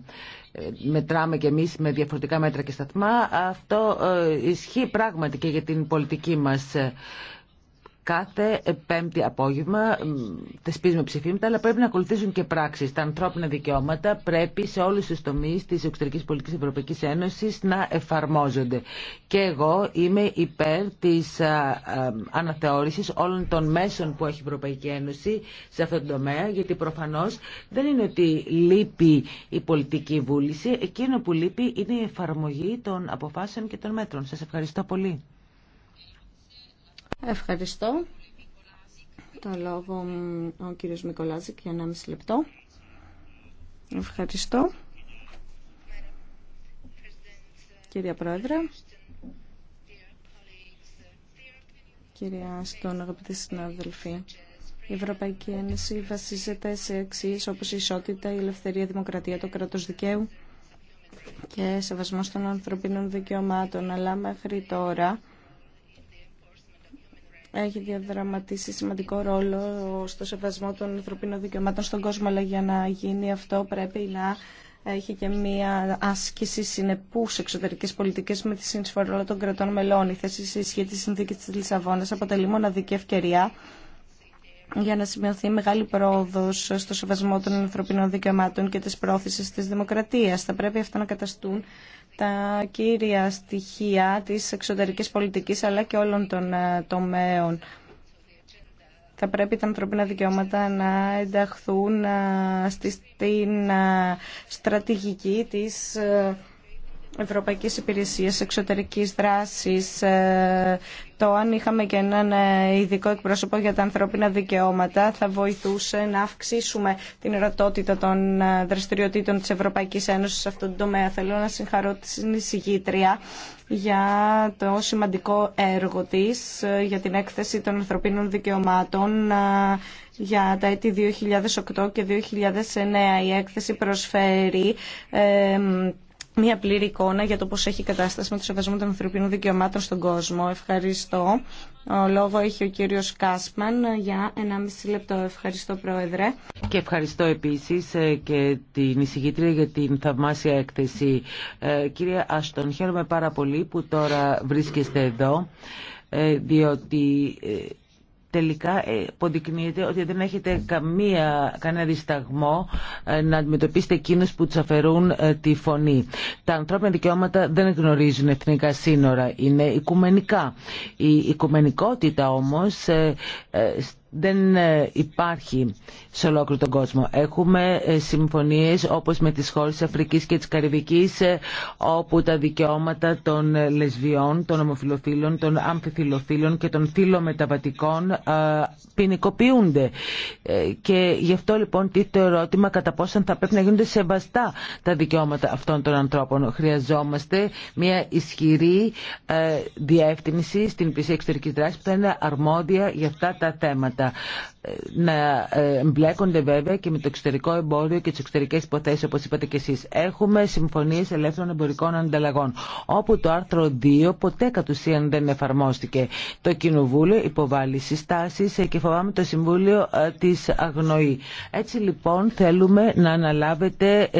μετράμε κι εμείς με διαφορετικά μέτρα και σταθμά. Αυτό ε, ισχύει πράγματι και για την πολιτική μας κάθε πέμπτη απόγευμα θεσπίζουμε ψηφίματα, αλλά πρέπει να ακολουθήσουν και πράξει. Τα ανθρώπινα δικαιώματα πρέπει σε όλου του τομεί τη εξωτερική πολιτική Ευρωπαϊκή Ένωση να εφαρμόζονται. Και εγώ είμαι υπέρ τη αναθεώρηση όλων των μέσων που έχει η Ευρωπαϊκή Ένωση σε αυτόν τον τομέα, γιατί προφανώ δεν είναι ότι λείπει η πολιτική βούληση. Εκείνο που λείπει είναι η εφαρμογή των αποφάσεων και των μέτρων. Σα ευχαριστώ πολύ. Ευχαριστώ. Το λόγο ο κύριος Μικολάζικ για 1,5 λεπτό. Ευχαριστώ. Κυρία Πρόεδρε, κυρία Στον, αγαπητοί συνάδελφοι, η Ευρωπαϊκή Ένωση βασίζεται σε αξίες όπως η ισότητα, η ελευθερία, η δημοκρατία, το κράτος δικαίου και σεβασμό των ανθρωπίνων δικαιωμάτων, αλλά μέχρι τώρα έχει διαδραματίσει σημαντικό ρόλο στο σεβασμό των ανθρωπίνων δικαιωμάτων στον κόσμο, αλλά για να γίνει αυτό πρέπει να έχει και μία άσκηση συνεπού εξωτερική πολιτική με τη συνεισφορά των κρατών μελών. Η θέση σε ισχύ τη συνθήκη τη Λισαβόνα αποτελεί μοναδική ευκαιρία για να σημειωθεί μεγάλη πρόοδο στο σεβασμό των ανθρωπίνων δικαιωμάτων και τη πρόθεση τη δημοκρατία. Θα πρέπει αυτά να καταστούν τα κύρια στοιχεία της εξωτερικής πολιτικής αλλά και όλων των ε, τομέων. Θα πρέπει τα ανθρωπίνα δικαιώματα να ενταχθούν ε, στην ε, στρατηγική της Ευρωπαϊκής Υπηρεσίας Εξωτερικής Δράσης ε, το αν είχαμε και έναν ε, ειδικό εκπρόσωπο για τα ανθρώπινα δικαιώματα θα βοηθούσε να αυξήσουμε την ερωτότητα των ε, δραστηριοτήτων της Ευρωπαϊκής Ένωσης σε αυτόν τον τομέα. Θέλω να συγχαρώ την εισηγήτρια για το σημαντικό έργο της για την έκθεση των ανθρωπίνων δικαιωμάτων για τα έτη 2008 και 2009. Η έκθεση προσφέρει μια πλήρη εικόνα για το πώς έχει η κατάσταση με το σεβασμό των ανθρωπίνων δικαιωμάτων στον κόσμο. Ευχαριστώ. Ο λόγο έχει ο κύριος Κάσμαν για 1,5 λεπτό. Ευχαριστώ Πρόεδρε. Και ευχαριστώ επίσης ε, και την εισηγήτρια για την θαυμάσια έκθεση. Ε, Κυρία Άστον, χαίρομαι πάρα πολύ που τώρα βρίσκεστε εδώ ε, διότι τελικά υποδεικνύεται ε, ότι δεν έχετε καμία, κανένα δισταγμό ε, να αντιμετωπίσετε εκείνου που του αφαιρούν ε, τη φωνή. Τα ανθρώπινα δικαιώματα δεν γνωρίζουν εθνικά σύνορα, είναι οικουμενικά. Η οικουμενικότητα όμως δεν ε, υπάρχει σε ολόκληρο τον κόσμο. Έχουμε ε, συμφωνίες όπως με τις χώρες της Αφρικής και της Καρυβικής ε, όπου τα δικαιώματα των λεσβιών, των ομοφιλοφίλων, των αμφιφιλοφίλων και των φιλομεταβατικών ποινικοποιούνται. Και γι' αυτό λοιπόν τι το ερώτημα κατά πόσον θα πρέπει να γίνονται σεβαστά τα δικαιώματα αυτών των ανθρώπων. Χρειαζόμαστε μια ισχυρή διεύθυνση στην υπηρεσία εξωτερικής δράσης που θα είναι αρμόδια για αυτά τα θέματα. Ε, να ε, μπλέκονται βέβαια και με το εξωτερικό εμπόριο και τι εξωτερικέ υποθέσει, όπω είπατε και εσεί. Έχουμε συμφωνίε ελεύθερων εμπορικών ανταλλαγών, όπου το άρθρο 2 ποτέ κατ' ουσίαν δεν εφαρμόστηκε. Το Κοινοβούλιο υποβάλλει συστάσει ε, και φοβάμαι το Συμβούλιο τη αγνοεί. Έτσι λοιπόν θέλουμε να αναλάβετε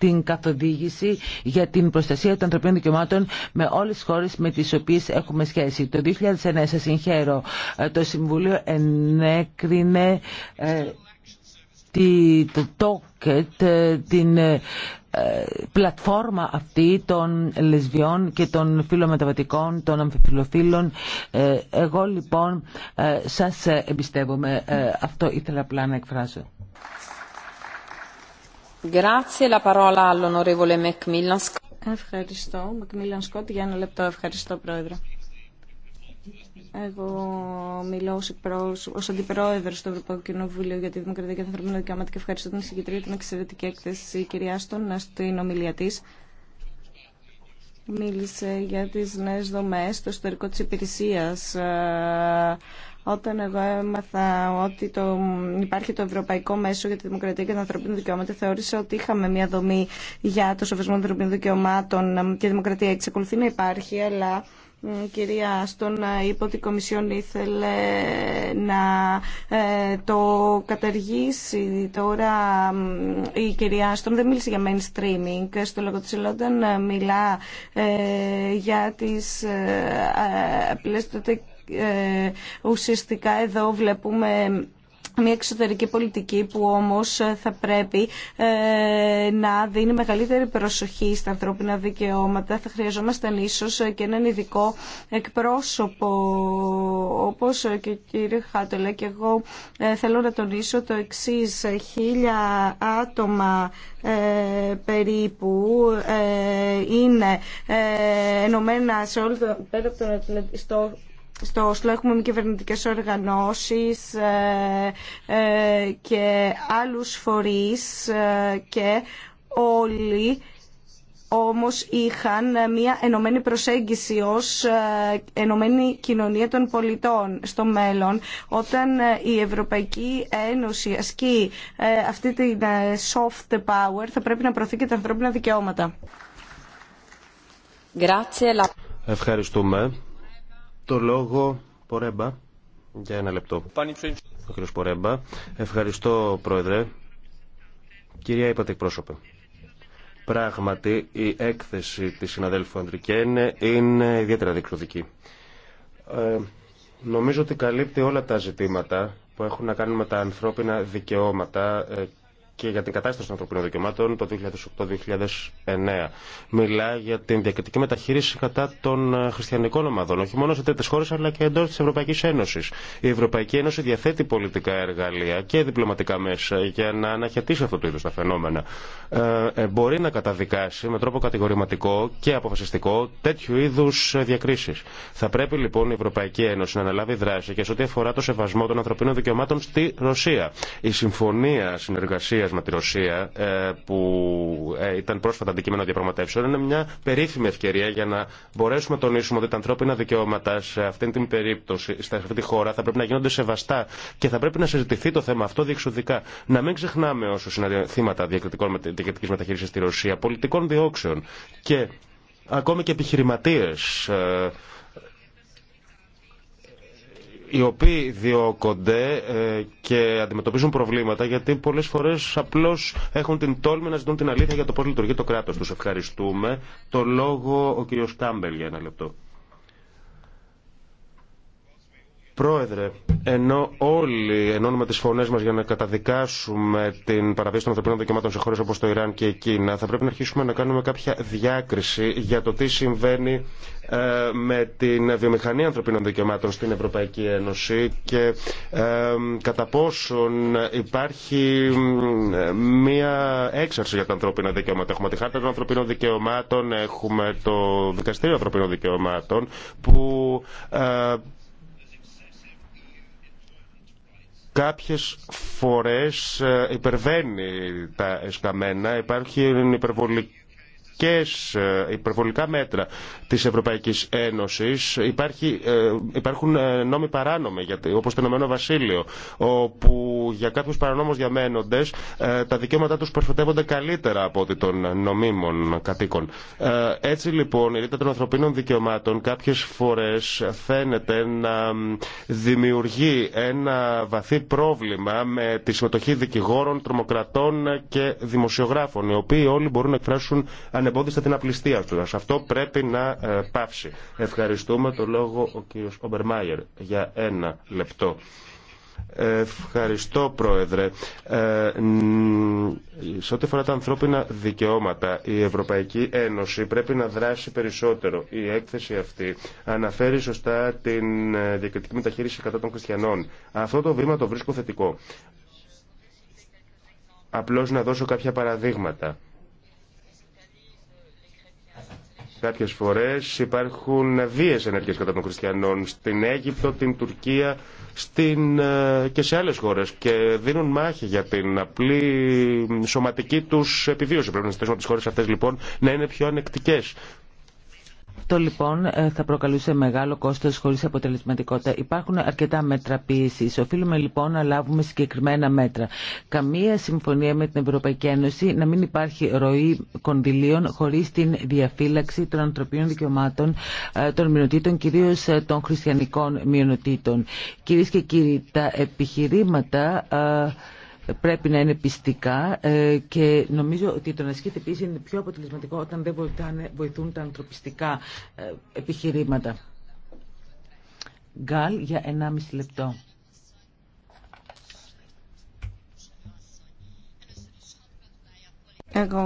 την καθοδήγηση για την προστασία των ανθρωπίνων δικαιωμάτων με όλες τις χώρες με τις οποίες έχουμε σχέση. Το 2009, σας συγχαίρω, ε, το Συμβούλιο ενέκρινε ε, το TOCET, ε, την πλατφόρμα αυτή των λεσβιών και των φιλομεταβατικών, των αμφιφιλοφίλων. Εγώ λοιπόν σας εμπιστεύομαι. Αυτό ήθελα απλά να εκφράσω. Ευχαριστώ. Μακμίλαν Σκότ, για ένα λεπτό. Ευχαριστώ, Πρόεδρε. Εγώ μιλώ ως, προς, ως αντιπρόεδρος του Ευρωπαϊκού Κοινοβουλίου για τη Δημοκρατία και τα Ανθρωπινά Δικαιώματα και ευχαριστώ την συγκεκριμένη την εξαιρετική έκθεση η κυρία Στον στην ομιλία τη. Μίλησε για τις νέες δομές στο ιστορικό της υπηρεσίας ε, όταν εγώ έμαθα ότι το, υπάρχει το Ευρωπαϊκό Μέσο για τη Δημοκρατία και τα Ανθρωπίνα Δικαιώματα, θεώρησα ότι είχαμε μια δομή για το σοβασμό των ανθρωπίνων δικαιωμάτων και η δημοκρατία. Εξακολουθεί να υπάρχει, αλλά κυρία Άστον είπε ότι η Κομισιόν ήθελε να ε, το καταργήσει τώρα η κυρία Άστον δεν μίλησε για mainstreaming στο λόγο της όταν μιλά ε, για τις ε, ε ε, ουσιαστικά εδώ βλέπουμε μια εξωτερική πολιτική που όμως θα πρέπει ε, να δίνει μεγαλύτερη προσοχή στα ανθρώπινα δικαιώματα. Θα χρειαζόμαστε ίσως και έναν ειδικό εκπρόσωπο όπως και ο κύριε Χάτολα και εγώ ε, θέλω να τονίσω το εξής. Χίλια άτομα περίπου είναι ενωμένα σε όλο το, πέρα από τον Ατλαντικό στο Όσλο έχουμε μη κυβερνητικέ οργανώσεις ε, ε, και άλλους φορείς ε, και όλοι όμως είχαν μια ενωμένη προσέγγιση ως ενωμένη κοινωνία των πολιτών στο μέλλον. Όταν η Ευρωπαϊκή Ένωση ασκεί αυτή την soft power θα πρέπει να προωθεί και τα ανθρώπινα δικαιώματα. Ευχαριστούμε το λόγο Πορέμπα για ένα λεπτό. Ο κύριος Πορέμπα. Ευχαριστώ Πρόεδρε. Κυρία είπατε εκπρόσωπε. Πράγματι η έκθεση της συναδέλφου Αντρικέν είναι ιδιαίτερα διεξοδική. Ε, νομίζω ότι καλύπτει όλα τα ζητήματα που έχουν να κάνουν με τα ανθρώπινα δικαιώματα ε, και για την κατάσταση των ανθρωπίνων δικαιωμάτων το 2008-2009. Μιλά για την διακριτική μεταχείριση κατά των ε, χριστιανικών ομάδων, όχι μόνο σε τρίτε χώρε αλλά και εντό τη Ευρωπαϊκή Ένωση. Η Ευρωπαϊκή Ένωση διαθέτει πολιτικά εργαλεία και διπλωματικά μέσα για να αναχαιτήσει αυτό το είδο τα φαινόμενα. Ε, ε, μπορεί να καταδικάσει με τρόπο κατηγορηματικό και αποφασιστικό τέτοιου είδου ε, διακρίσει. Θα πρέπει λοιπόν η Ευρωπαϊκή Ένωση να αναλάβει δράση και σε ό,τι αφορά το σεβασμό των ανθρωπίνων δικαιωμάτων στη Ρωσία. Η Συμφωνία Συνεργασία με τη Ρωσία, ε, που ε, ήταν πρόσφατα αντικείμενο διαπραγματεύσεων, είναι μια περίφημη ευκαιρία για να μπορέσουμε να τονίσουμε ότι τα ανθρώπινα δικαιώματα σε αυτή την περίπτωση, σε αυτή τη χώρα, θα πρέπει να γίνονται σεβαστά και θα πρέπει να συζητηθεί το θέμα αυτό διεξοδικά. Να μην ξεχνάμε όσο είναι θύματα διακριτική μεταχείριση στη Ρωσία, πολιτικών διώξεων και ακόμη και επιχειρηματίε ε, οι οποίοι διώκονται ε, και αντιμετωπίζουν προβλήματα γιατί πολλές φορές απλώς έχουν την τόλμη να ζητούν την αλήθεια για το πώς λειτουργεί το κράτος τους. Ευχαριστούμε. Το λόγο ο κύριος Κάμπελ για ένα λεπτό. Πρόεδρε, ενώ όλοι ενώνουμε τι φωνέ μα για να καταδικάσουμε την παραβίαση των ανθρωπίνων δικαιωμάτων σε χώρε όπω το Ιράν και η Κίνα, θα πρέπει να αρχίσουμε να κάνουμε κάποια διάκριση για το τι συμβαίνει ε, με την βιομηχανία ανθρωπίνων δικαιωμάτων στην Ευρωπαϊκή Ένωση και ε, κατά πόσον υπάρχει μία έξαρση για τα ανθρώπινα δικαιώματα. Έχουμε τη Χάρτα των Ανθρωπίνων Δικαιωμάτων, έχουμε το Δικαστήριο Ανθρωπίνων Δικαιωμάτων που ε, κάποιες φορές ε, υπερβαίνει τα εσκαμμένα, υπάρχει υπερβολική υπερβολικές, ε, υπερβολικά μέτρα της Ευρωπαϊκής Ένωσης υπάρχει, ε, υπάρχουν ε, νόμοι παράνομοι όπως το Ηνωμένο Βασίλειο όπου για κάποιους παρανόμους διαμένοντες τα δικαιώματά τους προστατεύονται καλύτερα από ότι των νομίμων κατοίκων. Έτσι λοιπόν η ρήτα των ανθρωπίνων δικαιωμάτων κάποιες φορές φαίνεται να δημιουργεί ένα βαθύ πρόβλημα με τη συμμετοχή δικηγόρων, τρομοκρατών και δημοσιογράφων οι οποίοι όλοι μπορούν να εκφράσουν ανεπιστήμα εμπόδιστα την απληστία του. Αυτό πρέπει να ε, πάψει. Ευχαριστούμε το λόγο ο κύριος Ομπερμάιερ για ένα λεπτό. Ευχαριστώ, Πρόεδρε. Ε, σε ό,τι αφορά τα ανθρώπινα δικαιώματα, η Ευρωπαϊκή Ένωση πρέπει να δράσει περισσότερο. Η έκθεση αυτή αναφέρει σωστά την ε, διακριτική μεταχείριση κατά των χριστιανών. Αυτό το βήμα το βρίσκω θετικό. Απλώς να δώσω κάποια παραδείγματα Κάποιε φορέ υπάρχουν βίε ενέργειε κατά των χριστιανών στην Αίγυπτο, την Τουρκία στην, ε, και σε άλλε χώρε και δίνουν μάχη για την απλή σωματική του επιβίωση. Πρέπει να από τι χώρε αυτέ λοιπόν να είναι πιο ανεκτικέ. Αυτό λοιπόν ε, θα προκαλούσε μεγάλο κόστος χωρίς αποτελεσματικότητα. Υπάρχουν αρκετά μέτρα πίεσης. Οφείλουμε λοιπόν να λάβουμε συγκεκριμένα μέτρα. Καμία συμφωνία με την Ευρωπαϊκή Ένωση να μην υπάρχει ροή κονδυλίων χωρίς την διαφύλαξη των ανθρωπίνων δικαιωμάτων ε, των μειονοτήτων, κυρίως ε, των χριστιανικών μειονοτήτων. Κυρίες και κύριοι, τα επιχειρήματα πρέπει να είναι πιστικά ε, και νομίζω ότι το να ασκείται πίεση είναι πιο αποτελεσματικό όταν δεν βοηθούν τα ανθρωπιστικά ε, επιχειρήματα. Γκάλ για 1,5 λεπτό. Εγώ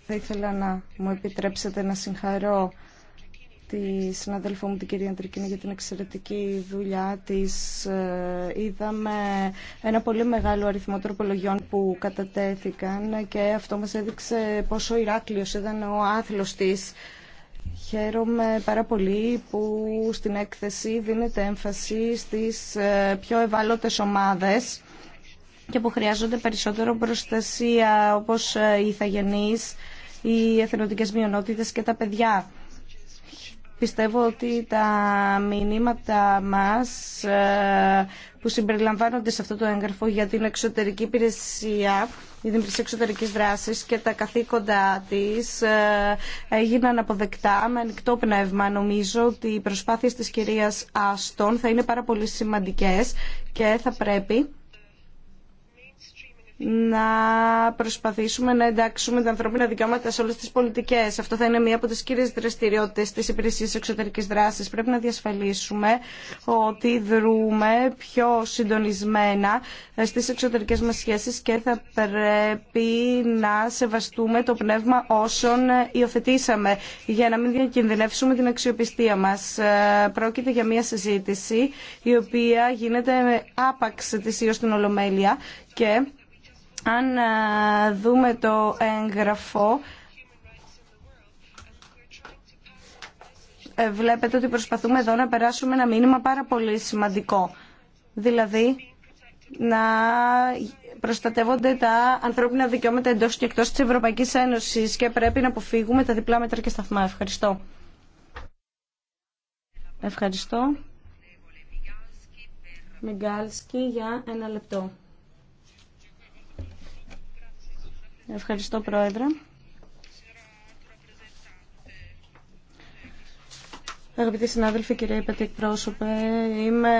θα ήθελα να μου επιτρέψετε να συγχαρώ τη συναδελφό μου την κυρία Αντρικίνη για την εξαιρετική δουλειά της. Ε, είδαμε ένα πολύ μεγάλο αριθμό τροπολογιών που κατατέθηκαν και αυτό μας έδειξε πόσο Ηράκλειος ήταν ο άθλος της. Χαίρομαι πάρα πολύ που στην έκθεση δίνεται έμφαση στις ε, πιο ευάλωτες ομάδες και που χρειάζονται περισσότερο προστασία όπως ε, οι ηθαγενείς, οι εθελοντικές μειονότητες και τα παιδιά. Πιστεύω ότι τα μηνύματα μας ε, που συμπεριλαμβάνονται σε αυτό το έγγραφο για την εξωτερική υπηρεσία, για την υπηρεσία εξωτερικής δράσης και τα καθήκοντά της ε, έγιναν αποδεκτά με ανοιχτό πνεύμα. Νομίζω ότι οι προσπάθειες της κυρίας Άστον θα είναι πάρα πολύ σημαντικές και θα πρέπει να προσπαθήσουμε να εντάξουμε τα ανθρώπινα δικαιώματα σε όλες τις πολιτικές. Αυτό θα είναι μία από τι κύριε δραστηριότητε τη Υπηρεσία εξωτερικής δράσης. Πρέπει να διασφαλίσουμε ότι δρούμε πιο συντονισμένα στις εξωτερικές μας σχέσεις και θα πρέπει να σεβαστούμε το πνεύμα όσων υιοθετήσαμε για να μην διακινδυνεύσουμε την αξιοπιστία μα. Πρόκειται για μία συζήτηση η οποία γίνεται άπαξ της στην Ολομέλεια και αν δούμε το έγγραφο, ε, βλέπετε ότι προσπαθούμε εδώ να περάσουμε ένα μήνυμα πάρα πολύ σημαντικό. Δηλαδή, να προστατεύονται τα ανθρώπινα δικαιώματα εντός και εκτός της Ευρωπαϊκής Ένωσης και πρέπει να αποφύγουμε τα διπλά μέτρα και σταθμά. Ευχαριστώ. Ευχαριστώ. Μεγάλσκι για ένα λεπτό. Ευχαριστώ, Πρόεδρε. Αγαπητοί συνάδελφοι, κυρία Υπέτη Πρόσωπε, είμαι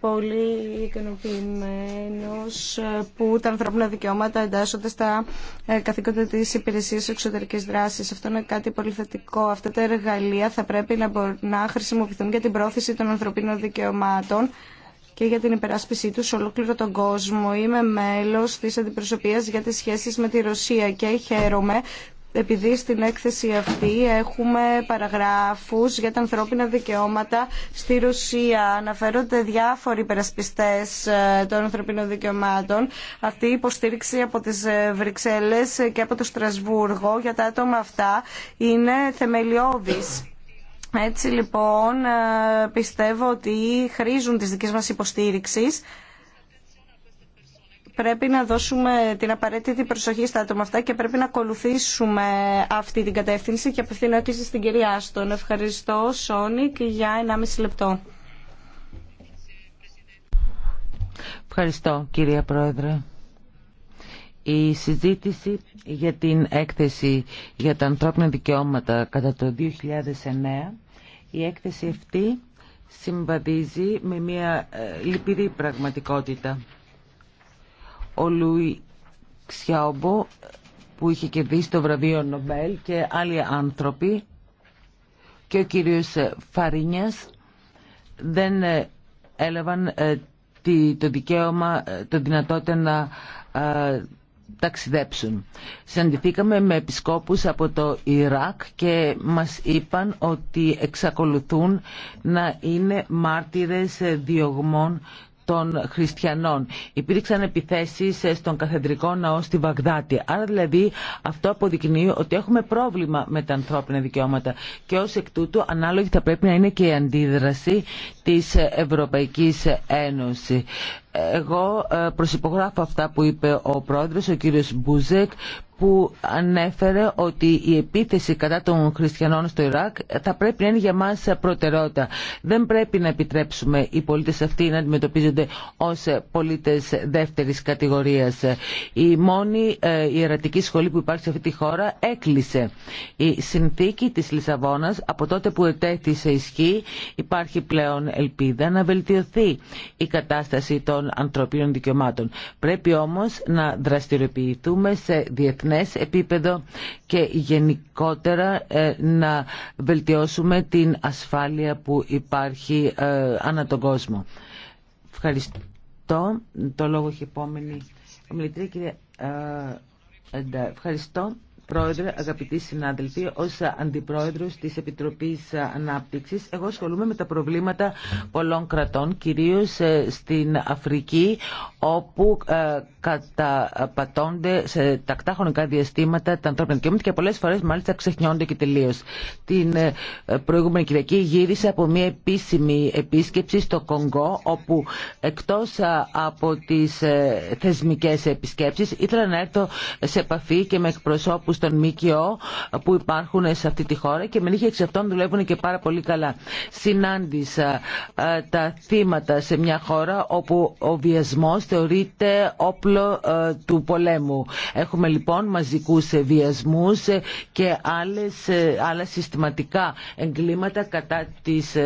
πολύ ικανοποιημένος που τα ανθρώπινα δικαιώματα εντάσσονται στα ε, καθήκοντα τη υπηρεσία εξωτερικής δράσης. Αυτό είναι κάτι πολύ θετικό. Αυτά τα εργαλεία θα πρέπει να χρησιμοποιηθούν για την πρόθεση των ανθρωπίνων δικαιωμάτων και για την υπεράσπιση του σε ολόκληρο τον κόσμο. Είμαι μέλος τη αντιπροσωπείας για τις σχέσεις με τη Ρωσία και χαίρομαι επειδή στην έκθεση αυτή έχουμε παραγράφους για τα ανθρώπινα δικαιώματα στη Ρωσία. Αναφέρονται διάφοροι υπερασπιστές ε, των ανθρωπίνων δικαιωμάτων. Αυτή η υποστήριξη από τις ε, Βρυξέλλες και από το Στρασβούργο για τα άτομα αυτά είναι θεμελιώδης έτσι λοιπόν ε, πιστεύω ότι χρήζουν της δικής μας υποστήριξης πρέπει να δώσουμε την απαραίτητη προσοχή στα άτομα αυτά και πρέπει να ακολουθήσουμε αυτή την κατεύθυνση και απευθύνω έκκληση στην κυρία Άστον. Ευχαριστώ, Σόνικ, για 1,5 λεπτό. Ευχαριστώ, κυρία Πρόεδρε. Η συζήτηση για την έκθεση για τα ανθρώπινα δικαιώματα κατά το 2009, η έκθεση αυτή συμβαδίζει με μια ε, λυπηρή πραγματικότητα. Ο Λουί Ξιάομπο που είχε κερδίσει το βραβείο Νομπέλ και άλλοι άνθρωποι και ο κύριος Φαρίνιας δεν ε, έλαβαν ε, το δικαίωμα, το δυνατότητα να ταξιδέψουν. Συναντηθήκαμε με επισκόπους από το Ιράκ και μας είπαν ότι εξακολουθούν να είναι μάρτυρες διωγμών των χριστιανών. Υπήρξαν επιθέσεις στον καθεδρικό ναό στη Βαγδάτη. Άρα δηλαδή αυτό αποδεικνύει ότι έχουμε πρόβλημα με τα ανθρώπινα δικαιώματα και ως εκ τούτου ανάλογη θα πρέπει να είναι και η αντίδραση της Ευρωπαϊκής Ένωση. Εγώ ε, προσυπογράφω αυτά που είπε ο πρόεδρος, ο κύριος Μπούζεκ, που ανέφερε ότι η επίθεση κατά των χριστιανών στο Ιράκ θα πρέπει να είναι για μας προτεραιότητα. Δεν πρέπει να επιτρέψουμε οι πολίτες αυτοί να αντιμετωπίζονται ως πολίτες δεύτερης κατηγορίας. Η μόνη ιερατική ε, σχολή που υπάρχει σε αυτή τη χώρα έκλεισε. Η συνθήκη της Λισαβόνας από τότε που ετέθη σε ισχύ υπάρχει πλέον ελπίδα να βελτιωθεί η κατάσταση των ανθρωπίνων δικαιωμάτων. Πρέπει όμως να δραστηριοποιηθούμε σε διεθνή διεθνές επίπεδο και γενικότερα ε, να βελτιώσουμε την ασφάλεια που υπάρχει ε, ανά τον κόσμο. Ευχαριστώ. Το λόγο έχει επόμενη ομιλητρία, ε, Ευχαριστώ. Πρόεδρε, αγαπητοί συνάδελφοι, ω Αντιπρόεδρο τη Επιτροπή Ανάπτυξη, εγώ ασχολούμαι με τα προβλήματα πολλών κρατών, κυρίω ε, στην Αφρική, όπου ε, καταπατώνται σε τακτά χρονικά διαστήματα τα ανθρώπινα δικαιώματα και πολλέ φορέ μάλιστα ξεχνιόνται και τελείω. Την ε, προηγούμενη Κυριακή γύρισα από μια επίσημη επίσκεψη στο Κονγκό, όπου εκτό από τι θεσμικέ επισκέψει ήθελα να έρθω σε επαφή και με εκπροσώπου των ΜΚΟ που υπάρχουν σε αυτή τη χώρα και με νύχια εξ αυτών δουλεύουν και πάρα πολύ καλά. Συνάντησα ε, τα θύματα σε μια χώρα όπου ο βιασμός θεωρείται όπλο ε, του πολέμου. Έχουμε λοιπόν μαζικούς βιασμούς και άλλες, ε, άλλα συστηματικά εγκλήματα κατά της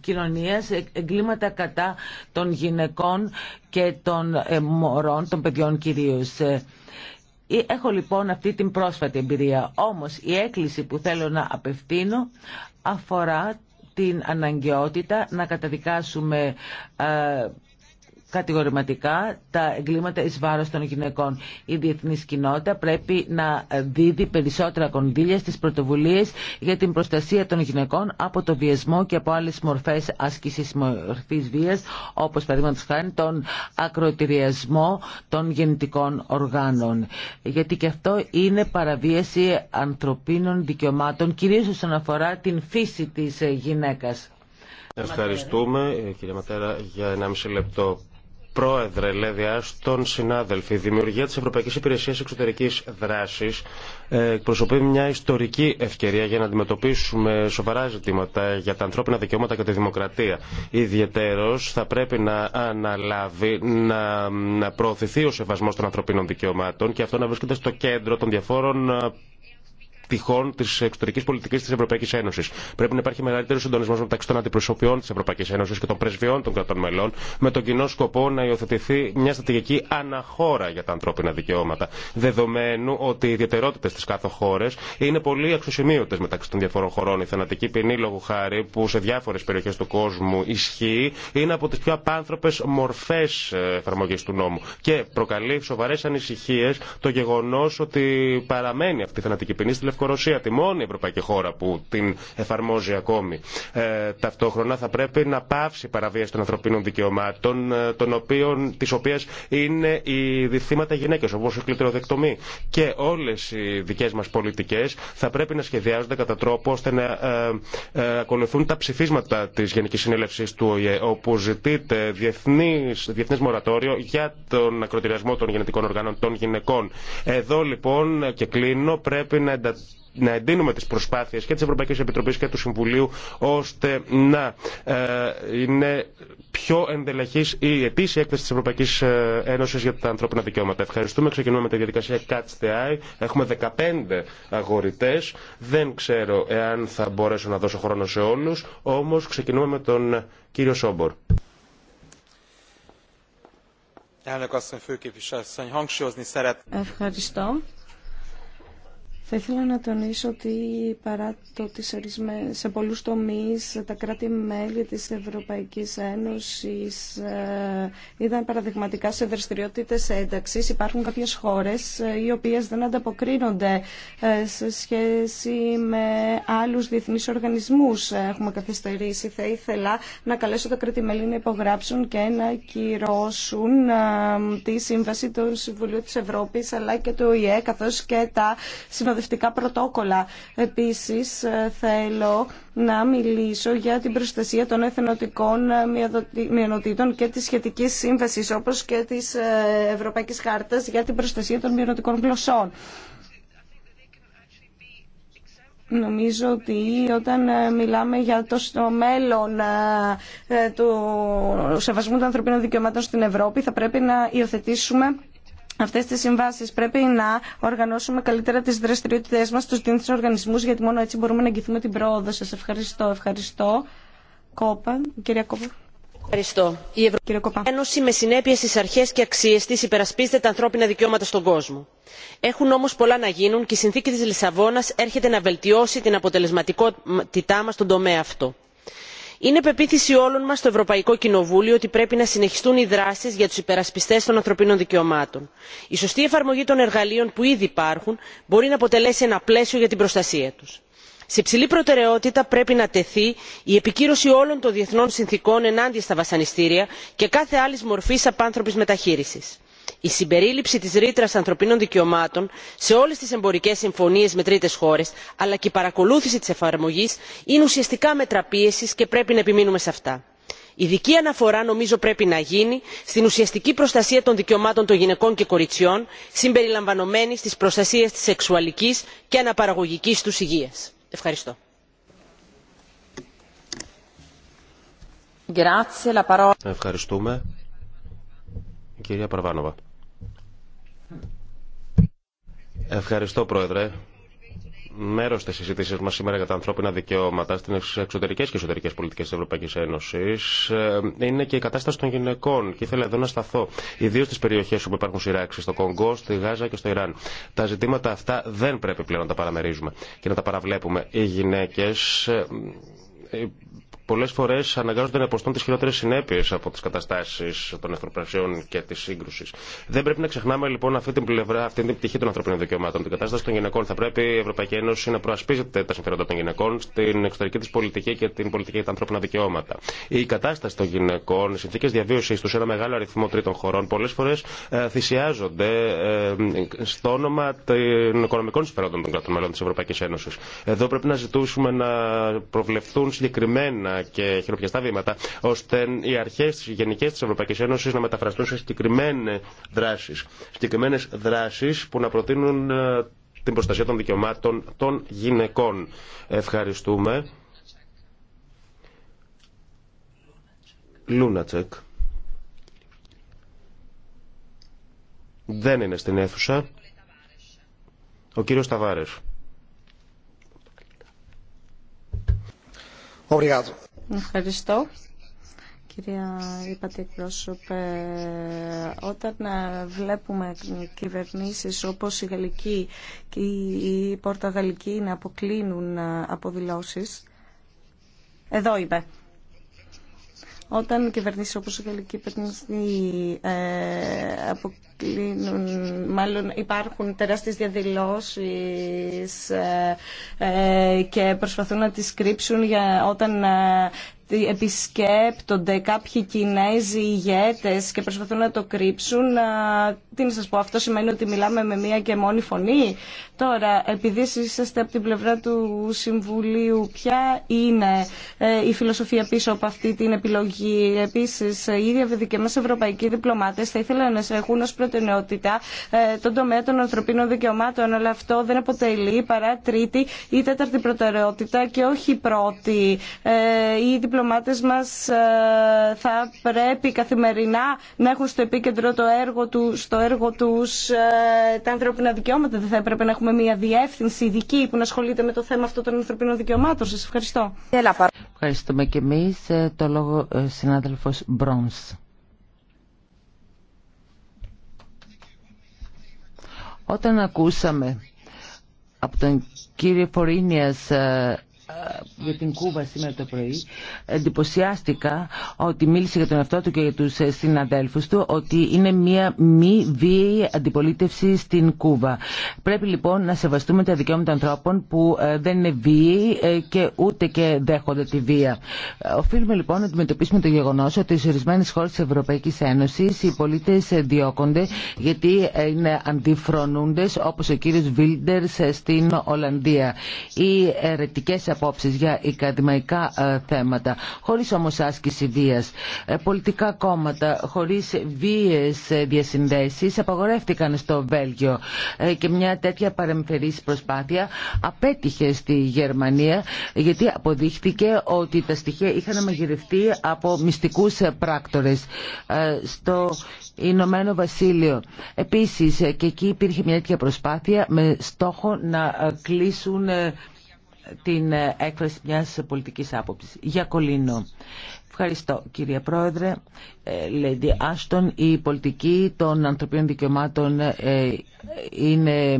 κοινωνίας, εγκλήματα κατά των γυναικών και των μωρών, των παιδιών κυρίως. Έχω λοιπόν αυτή την πρόσφατη εμπειρία. Όμως η έκκληση που θέλω να απευθύνω αφορά την αναγκαιότητα να καταδικάσουμε ε, κατηγορηματικά τα εγκλήματα εις βάρος των γυναικών. Η διεθνή κοινότητα πρέπει να δίδει περισσότερα κονδύλια στις πρωτοβουλίες για την προστασία των γυναικών από το βιασμό και από άλλες μορφές άσκησης μορφής βίας, όπως παραδείγματος χάρη τον ακροτηριασμό των γεννητικών οργάνων. Γιατί και αυτό είναι παραβίαση ανθρωπίνων δικαιωμάτων, κυρίως όσον αφορά την φύση της γυναίκας. Ευχαριστούμε, κύριε Ματέρα, για 1,5 λεπτό. Πρόεδρε, λέει Άστον, συνάδελφοι, η δημιουργία τη Ευρωπαϊκή Υπηρεσία Εξωτερική Δράση ε, εκπροσωπεί μια ιστορική ευκαιρία για να αντιμετωπίσουμε σοβαρά ζητήματα για τα ανθρώπινα δικαιώματα και τη δημοκρατία. Ιδιαιτέρω θα πρέπει να αναλάβει, να, να προωθηθεί ο σεβασμό των ανθρωπίνων δικαιωμάτων και αυτό να βρίσκεται στο κέντρο των διαφόρων ε, τυχόν τη εξωτερική πολιτική τη Ευρωπαϊκή Ένωση. Πρέπει να υπάρχει μεγαλύτερο συντονισμό μεταξύ των αντιπροσωπιών τη Ευρωπαϊκή Ένωση και των πρεσβειών των κρατών μελών, με τον κοινό σκοπό να υιοθετηθεί μια στρατηγική αναχώρα για τα ανθρώπινα δικαιώματα. Δεδομένου ότι οι ιδιαιτερότητε τη κάθε χώρα είναι πολύ αξιοσημείωτε μεταξύ των διαφορών χωρών. Η θανατική ποινή, λόγου χάρη, που σε διάφορε περιοχέ του κόσμου ισχύει, είναι από τι πιο απάνθρωπε μορφέ ε, εφαρμογή του νόμου. Και προκαλεί σοβαρέ ανησυχίε το γεγονό ότι παραμένει αυτή η θανατική ποινή στη Λευκορωσία, τη μόνη ευρωπαϊκή χώρα που την εφαρμόζει ακόμη. Ε, ταυτόχρονα θα πρέπει να πάυσει παραβίαση των ανθρωπίνων δικαιωμάτων, ε, των οποίων, τις οποίες είναι οι θύματα γυναίκες, όπως η κλητεροδεκτομή. Και όλες οι δικές μας πολιτικές θα πρέπει να σχεδιάζονται κατά τρόπο ώστε να ε, ε, ακολουθούν τα ψηφίσματα της Γενικής Συνέλευσης του ΟΗΕ, όπου ζητείται διεθνής, μορατόριο για τον ακροτηριασμό των γενετικών οργάνων των γυναικών. Εδώ λοιπόν και κλείνω πρέπει να, εντατ να εντείνουμε τις προσπάθειες και της Ευρωπαϊκής Επιτροπής και του Συμβουλίου ώστε να ε, είναι πιο εντελεχής η ετήσια έκθεση της Ευρωπαϊκής ε, Ένωσης για τα ανθρώπινα δικαιώματα. Ευχαριστούμε. Ξεκινούμε με τη διαδικασία Catch the Eye. Έχουμε 15 αγορητές. Δεν ξέρω εάν θα μπορέσω να δώσω χρόνο σε όλους. Όμως ξεκινούμε με τον κύριο Σόμπορ. Ευχαριστώ. Θα ήθελα να τονίσω ότι παρά το ότι σε πολλούς τομείς τα κράτη-μέλη της Ευρωπαϊκής Ένωσης ε, είδαν παραδειγματικά σε δραστηριότητες ένταξης. Υπάρχουν κάποιες χώρες ε, οι οποίες δεν ανταποκρίνονται ε, σε σχέση με άλλους διεθνείς οργανισμούς. Έχουμε καθυστερήσει. Θα ήθελα να καλέσω τα κράτη-μέλη να υπογράψουν και να κυρώσουν τη Σύμβαση των Συμβουλίου της Ευρώπης αλλά και το ΟΗΕ καθώς και τα προοδευτικά πρωτόκολλα. Επίσης, ε, θέλω να μιλήσω για την προστασία των εθνοτικών ε, μειονοτήτων και τη σχετικής σύμβασης, όπως και της ε, Ευρωπαϊκής Χάρτας για την προστασία των μειονοτικών γλωσσών. Νομίζω ότι όταν μιλάμε για το μέλλον του σεβασμού των ανθρωπίνων δικαιωμάτων στην Ευρώπη θα πρέπει να υιοθετήσουμε αυτές τις συμβάσεις. Πρέπει να οργανώσουμε καλύτερα τις δραστηριότητές μας στους διεθνείς οργανισμούς, γιατί μόνο έτσι μπορούμε να εγγυθούμε την πρόοδο. Σας ευχαριστώ. Ευχαριστώ. Κόπα, κυρία Κόπα. Ευχαριστώ. Η Ευρωπαϊκή Ένωση με συνέπεια στι αρχέ και αξίε τη, υπερασπίζεται τα ανθρώπινα δικαιώματα στον κόσμο. Έχουν όμω πολλά να γίνουν και η συνθήκη τη Λισαβόνα έρχεται να βελτιώσει την αποτελεσματικότητά μα στον τομέα αυτό είναι πεποίθηση όλων μας στο ευρωπαϊκό κοινοβούλιο ότι πρέπει να συνεχιστούν οι δράσεις για τους υπερασπιστές των ανθρωπίνων δικαιωμάτων. η σωστή εφαρμογή των εργαλείων που ήδη υπάρχουν μπορεί να αποτελέσει ένα πλαίσιο για την προστασία τους. σε υψηλή προτεραιότητα πρέπει να τεθεί η επικύρωση όλων των διεθνών συνθηκών ενάντια στα βασανιστήρια και κάθε άλλης μορφής απάνθρωπης μεταχείρισης η συμπερίληψη της ρήτρας ανθρωπίνων δικαιωμάτων σε όλες τις εμπορικές συμφωνίες με τρίτες χώρες αλλά και η παρακολούθηση της εφαρμογής είναι ουσιαστικά μέτρα και πρέπει να επιμείνουμε σε αυτά. ειδική αναφορά νομίζω πρέπει να γίνει στην ουσιαστική προστασία των δικαιωμάτων των γυναικών και κοριτσιών συμπεριλαμβανομένης της προστασίας της σεξουαλικής και αναπαραγωγικής τους υγείας. ευχαριστώ. Ευχαριστώ, Πρόεδρε. Μέρο τη συζήτηση μα σήμερα για τα ανθρώπινα δικαιώματα στι εξωτερικέ και εσωτερικέ πολιτικέ τη Ευρωπαϊκή Ένωση ε, είναι και η κατάσταση των γυναικών. Και ήθελα εδώ να σταθώ, ιδίω στι περιοχέ όπου υπάρχουν σειράξει, στο Κονγκό, στη Γάζα και στο Ιράν. Τα ζητήματα αυτά δεν πρέπει πλέον να τα παραμερίζουμε και να τα παραβλέπουμε. Οι γυναίκε ε, πολλέ φορέ αναγκάζονται να υποστούν τι χειρότερε συνέπειε από τι καταστάσει των εχθροπραξιών και τη σύγκρουση. Δεν πρέπει να ξεχνάμε λοιπόν αυτή την πλευρά, αυτή την πτυχή των ανθρωπίνων δικαιωμάτων, την κατάσταση των γυναικών. Θα πρέπει η Ευρωπαϊκή Ένωση να προασπίζεται τα συμφέροντα των γυναικών στην εξωτερική τη πολιτική και την πολιτική για τα ανθρώπινα δικαιώματα. Η κατάσταση των γυναικών, οι συνθήκε διαβίωση του σε ένα μεγάλο αριθμό τρίτων χωρών πολλέ φορέ ε, θυσιάζονται ε, στο όνομα των οικονομικών συμφερόντων των κρατών μελών τη Ευρωπαϊκή Ένωση. Εδώ πρέπει να ζητούσουμε να προβλεφθούν συγκεκριμένα και χειροπιαστά βήματα, ώστε οι αρχέ γενικέ τη Ευρωπαϊκή Ένωση να μεταφραστούν σε συγκεκριμένε δράσει. Συγκεκριμένε δράσει που να προτείνουν ε, την προστασία των δικαιωμάτων των γυναικών. Ευχαριστούμε. Λούνατσεκ. Δεν είναι στην αίθουσα. Ο κύριος Ταβάρες. Ευχαριστώ. Κυρία είπατε εκπρόσωπε, όταν ε, βλέπουμε κυβερνήσεις όπως η Γαλλική και η Πορτογαλική να αποκλίνουν ε, από εδώ είμαι. Όταν κυβερνήσει όπω η Γαλλική Περνιστή ε, αποκλίνουν, μάλλον υπάρχουν τεράστιε διαδηλώσει ε, ε, και προσπαθούν να τι κρύψουν για όταν ε, επισκέπτονται κάποιοι Κινέζοι ηγέτες και προσπαθούν να το κρύψουν. Τι να σας πω, αυτό σημαίνει ότι μιλάμε με μία και μόνη φωνή. Τώρα, επειδή εσείς από την πλευρά του Συμβουλίου, ποια είναι ε, η φιλοσοφία πίσω από αυτή την επιλογή. Επίσης, ε, οι ίδιοι μας ευρωπαϊκοί διπλωμάτες θα ήθελαν να έχουν ως προτεραιότητα ε, τον τομέα των ανθρωπίνων δικαιωμάτων, αλλά αυτό δεν αποτελεί παρά τρίτη ή τέταρτη προτεραιότητα και όχι πρώτη. Η διπλωμάτες μας ε, θα πρέπει καθημερινά να έχουν στο επίκεντρο το έργο του το έργο τους ε, τα ανθρώπινα δικαιώματα. Δεν θα έπρεπε να έχουμε μια διεύθυνση ειδική που να ασχολείται με το θέμα αυτό των ανθρωπίνων δικαιωμάτων. Σας ευχαριστώ. Ευχαριστούμε και εμείς. Ε, το λόγο συνάδελφος Μπρόνς. Όταν ακούσαμε από τον κύριο Φορίνιας για την Κούβα σήμερα το πρωί εντυπωσιάστηκα ότι μίλησε για τον εαυτό του και για τους συναδέλφους του ότι είναι μια μη βίαιη αντιπολίτευση στην Κούβα. Πρέπει λοιπόν να σεβαστούμε τα δικαιώματα ανθρώπων που ε, δεν είναι βίαιοι ε, και ούτε και δέχονται τη βία. Οφείλουμε λοιπόν να αντιμετωπίσουμε το γεγονός ότι σε ορισμένε χώρες της Ευρωπαϊκής Ένωσης οι πολίτες διώκονται γιατί ε, είναι αντιφρονούντες όπως ο κύριος Βίλντερς στην Ολλανδία. Οι απόψεις για ακαδημαϊκά ε, θέματα, χωρίς όμως άσκηση βίας. Ε, πολιτικά κόμματα χωρίς βίες ε, διασυνδέσεις απαγορεύτηκαν στο Βέλγιο και μια τέτοια παρεμφερής προσπάθεια απέτυχε στη Γερμανία γιατί αποδείχθηκε ότι τα στοιχεία είχαν μαγειρευτεί από μυστικούς πράκτορες στο Ηνωμένο Βασίλειο. Επίσης και εκεί υπήρχε μια τέτοια προσπάθεια με στόχο να κλείσουν την έκφραση μιας πολιτικής άποψης. Για κολλήνω. Ευχαριστώ κύριε Πρόεδρε. Λέντι ε, Άστον, η πολιτική των ανθρωπίνων δικαιωμάτων ε, ε, είναι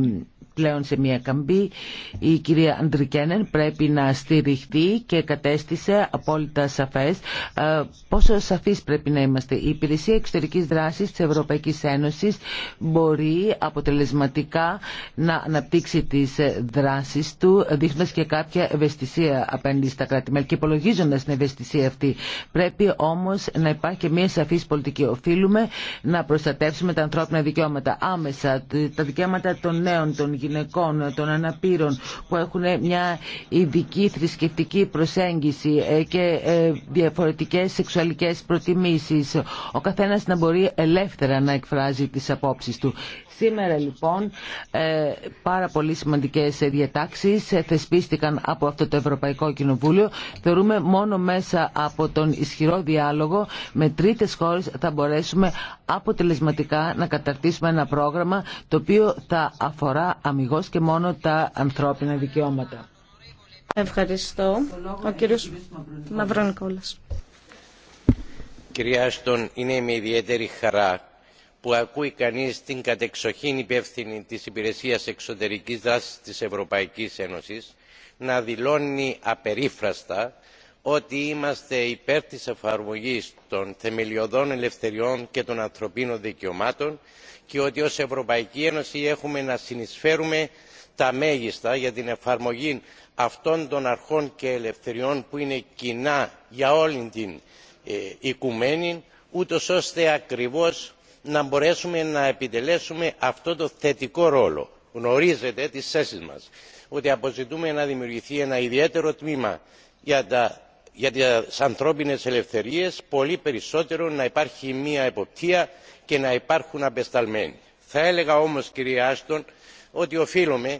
πλέον σε μια καμπή. Η κυρία Αντρικένεν πρέπει να στηριχτεί και κατέστησε απόλυτα σαφές ε, πόσο σαφείς πρέπει να είμαστε. Η Υπηρεσία Εξωτερικής Δράσης της Ευρωπαϊκής Ένωσης μπορεί αποτελεσματικά να αναπτύξει τις δράσεις του δείχνοντας και κάποια ευαισθησία απέναντι στα κράτη-μέλη και υπολογίζοντα την ευαισθησία αυτή. Πρέπει όμως να υπάρχει και μια σαφής πολιτική. Οφείλουμε να προστατεύσουμε τα ανθρώπινα δικαιώματα άμεσα, τα δικαιώματα των νέων, των γυ γυναικών, των αναπήρων που έχουν μια ειδική θρησκευτική προσέγγιση ε, και ε, διαφορετικές σεξουαλικές προτιμήσεις. Ο καθένας να μπορεί ελεύθερα να εκφράζει τις απόψεις του. Σήμερα λοιπόν ε, πάρα πολύ σημαντικές διατάξεις θεσπίστηκαν από αυτό το Ευρωπαϊκό Κοινοβούλιο. Θεωρούμε μόνο μέσα από τον ισχυρό διάλογο με τρίτες χώρες θα μπορέσουμε αποτελεσματικά να καταρτήσουμε ένα πρόγραμμα το οποίο θα αφορά αμυγός και μόνο τα ανθρώπινα δικαιώματα. Ευχαριστώ. Ο κύριος Μαυρονικόλας. Κυρία Άστον, είναι με ιδιαίτερη χαρά που ακούει κανείς την κατεξοχήν υπεύθυνη της Υπηρεσίας Εξωτερικής Δράσης της Ευρωπαϊκής Ένωσης να δηλώνει απερίφραστα ότι είμαστε υπέρ της εφαρμογής των θεμελιωδών ελευθεριών και των ανθρωπίνων δικαιωμάτων και ότι ως ευρωπαϊκή ένωση έχουμε να συνεισφέρουμε τα μέγιστα για την εφαρμογή αυτών των αρχών και ελευθεριών που είναι κοινά για όλη την ε, οικουμένη ούτως ώστε ακριβώς να μπορέσουμε να επιτελέσουμε αυτό το θετικό ρόλο. γνωρίζετε τις θέσεις μας ότι αποζητούμε να δημιουργηθεί ένα ιδιαίτερο τμήμα για τα για τι ανθρώπινες ελευθερίες πολύ περισσότερο να υπάρχει μια εποπτεία και να υπάρχουν απεσταλμένοι. θα έλεγα όμως κυρία Άστον, ότι οφείλουμε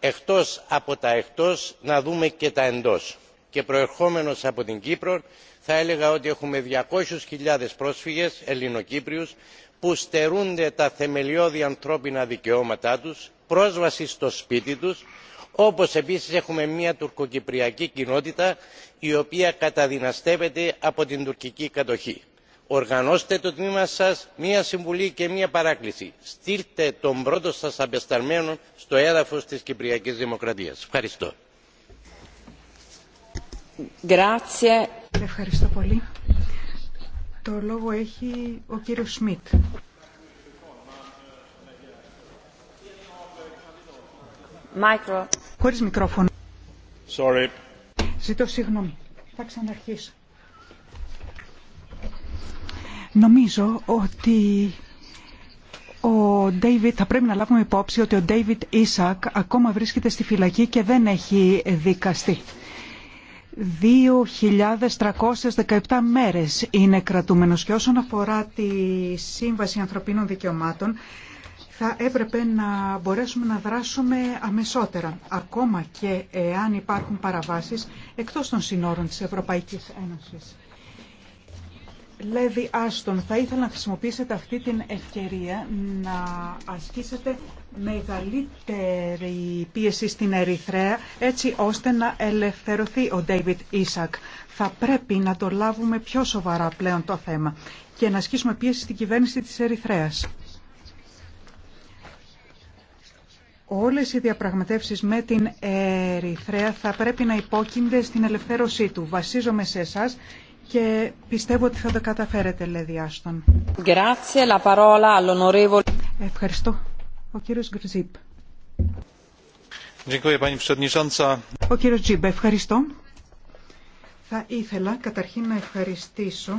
εκτός από τα εκτός να δούμε και τα εντός και προερχόμενος από την κύπρο θα έλεγα ότι έχουμε χιλιάδε πρόσφυγες ελληνοκύπριου που στερούνται τα θεμελιώδη ανθρώπινα δικαιώματά τους πρόσβαση στο σπίτι τους όπως επίσης έχουμε μια τουρκοκυπριακή κοινότητα η οποία καταδυναστεύεται από την τουρκική κατοχή. οργανώστε το τμήμα σας μια συμβουλή και μια παράκληση στείλτε τον πρώτο σας απεσταλμένο στο έδαφος της κυπριακής δημοκρατίας. ευχαριστώ. Ευχαριστώ πολύ. Το λόγο έχει ο κύριος Σμιτ. Χωρίς μικρόφωνο. Ζητώ συγγνώμη. Θα ξαναρχίσω. Νομίζω ότι ο David, θα πρέπει να λάβουμε υπόψη ότι ο David Ισακ ακόμα βρίσκεται στη φυλακή και δεν έχει δικαστεί. 2.317 μέρες είναι κρατούμενος και όσον αφορά τη Σύμβαση Ανθρωπίνων Δικαιωμάτων θα έπρεπε να μπορέσουμε να δράσουμε αμεσότερα, ακόμα και εάν υπάρχουν παραβάσεις εκτός των συνόρων της Ευρωπαϊκής Ένωσης. Λέβη Άστον, θα ήθελα να χρησιμοποιήσετε αυτή την ευκαιρία να ασκήσετε μεγαλύτερη πίεση στην Ερυθρέα, έτσι ώστε να ελευθερωθεί ο Ντέιβιτ Ίσακ. Θα πρέπει να το λάβουμε πιο σοβαρά πλέον το θέμα και να ασκήσουμε πίεση στην κυβέρνηση της Ερυθρέας. Όλες οι διαπραγματεύσεις με την Ερυθρέα θα πρέπει να υπόκεινται στην ελευθέρωσή του. Βασίζομαι σε εσά και πιστεύω ότι θα το καταφέρετε, λέει, Άστον. Ευχαριστώ. Ο κύριος Γκρζίπ. Ο κύριος Τζίμπ, ευχαριστώ. Θα ήθελα καταρχήν να ευχαριστήσω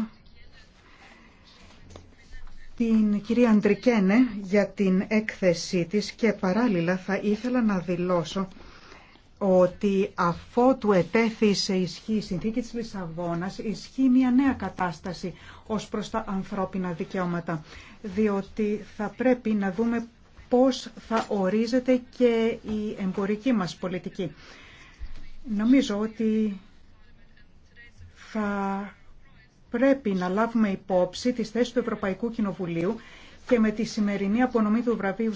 την κυρία Αντρικένε για την έκθεσή της και παράλληλα θα ήθελα να δηλώσω ότι αφότου ετέθησε σε ισχύ η συνθήκη της Λισαβόνας ισχύει μια νέα κατάσταση ως προς τα ανθρώπινα δικαιώματα διότι θα πρέπει να δούμε πώς θα ορίζεται και η εμπορική μας πολιτική. Νομίζω ότι θα πρέπει να λάβουμε υπόψη τις θέσεις του Ευρωπαϊκού Κοινοβουλίου και με τη σημερινή απονομή του βραβείου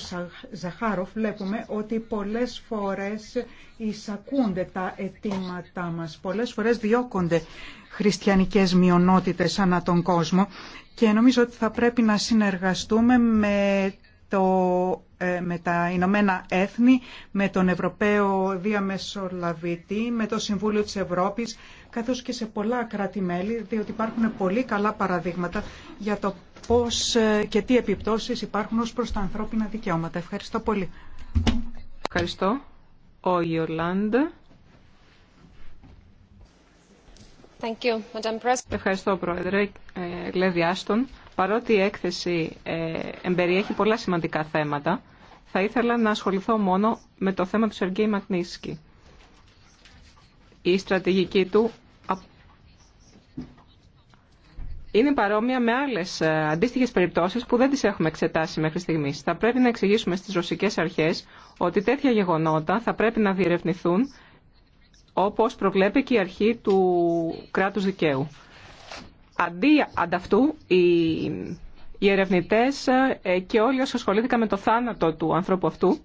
Ζαχάροφ βλέπουμε ότι πολλές φορές εισακούνται τα αιτήματά μας. Πολλές φορές διώκονται χριστιανικές μειονότητες ανά τον κόσμο και νομίζω ότι θα πρέπει να συνεργαστούμε με το, ε, με τα Ηνωμένα Έθνη, με τον Ευρωπαίο Διαμεσολαβητή, με το Συμβούλιο της Ευρώπης, καθώς και σε πολλά κράτη-μέλη, διότι υπάρχουν πολύ καλά παραδείγματα για το πώς ε, και τι επιπτώσεις υπάρχουν ως προς τα ανθρώπινα δικαιώματα. Ευχαριστώ πολύ. Ευχαριστώ. Ο Thank you, Madam Ευχαριστώ, Πρόεδρε. Ε, Λέβη Άστον. Παρότι η έκθεση ε, εμπεριέχει πολλά σημαντικά θέματα, θα ήθελα να ασχοληθώ μόνο με το θέμα του Σεργέη Μακνίσκη. Η στρατηγική του είναι παρόμοια με άλλε αντίστοιχε περιπτώσει που δεν τι έχουμε εξετάσει μέχρι στιγμή. Θα πρέπει να εξηγήσουμε στι ρωσικέ αρχέ ότι τέτοια γεγονότα θα πρέπει να διερευνηθούν όπω προβλέπει και η αρχή του κράτου δικαίου. Αντί ανταυτού, οι, οι ερευνητές ε, και όλοι όσοι ασχολήθηκαν με το θάνατο του ανθρώπου αυτού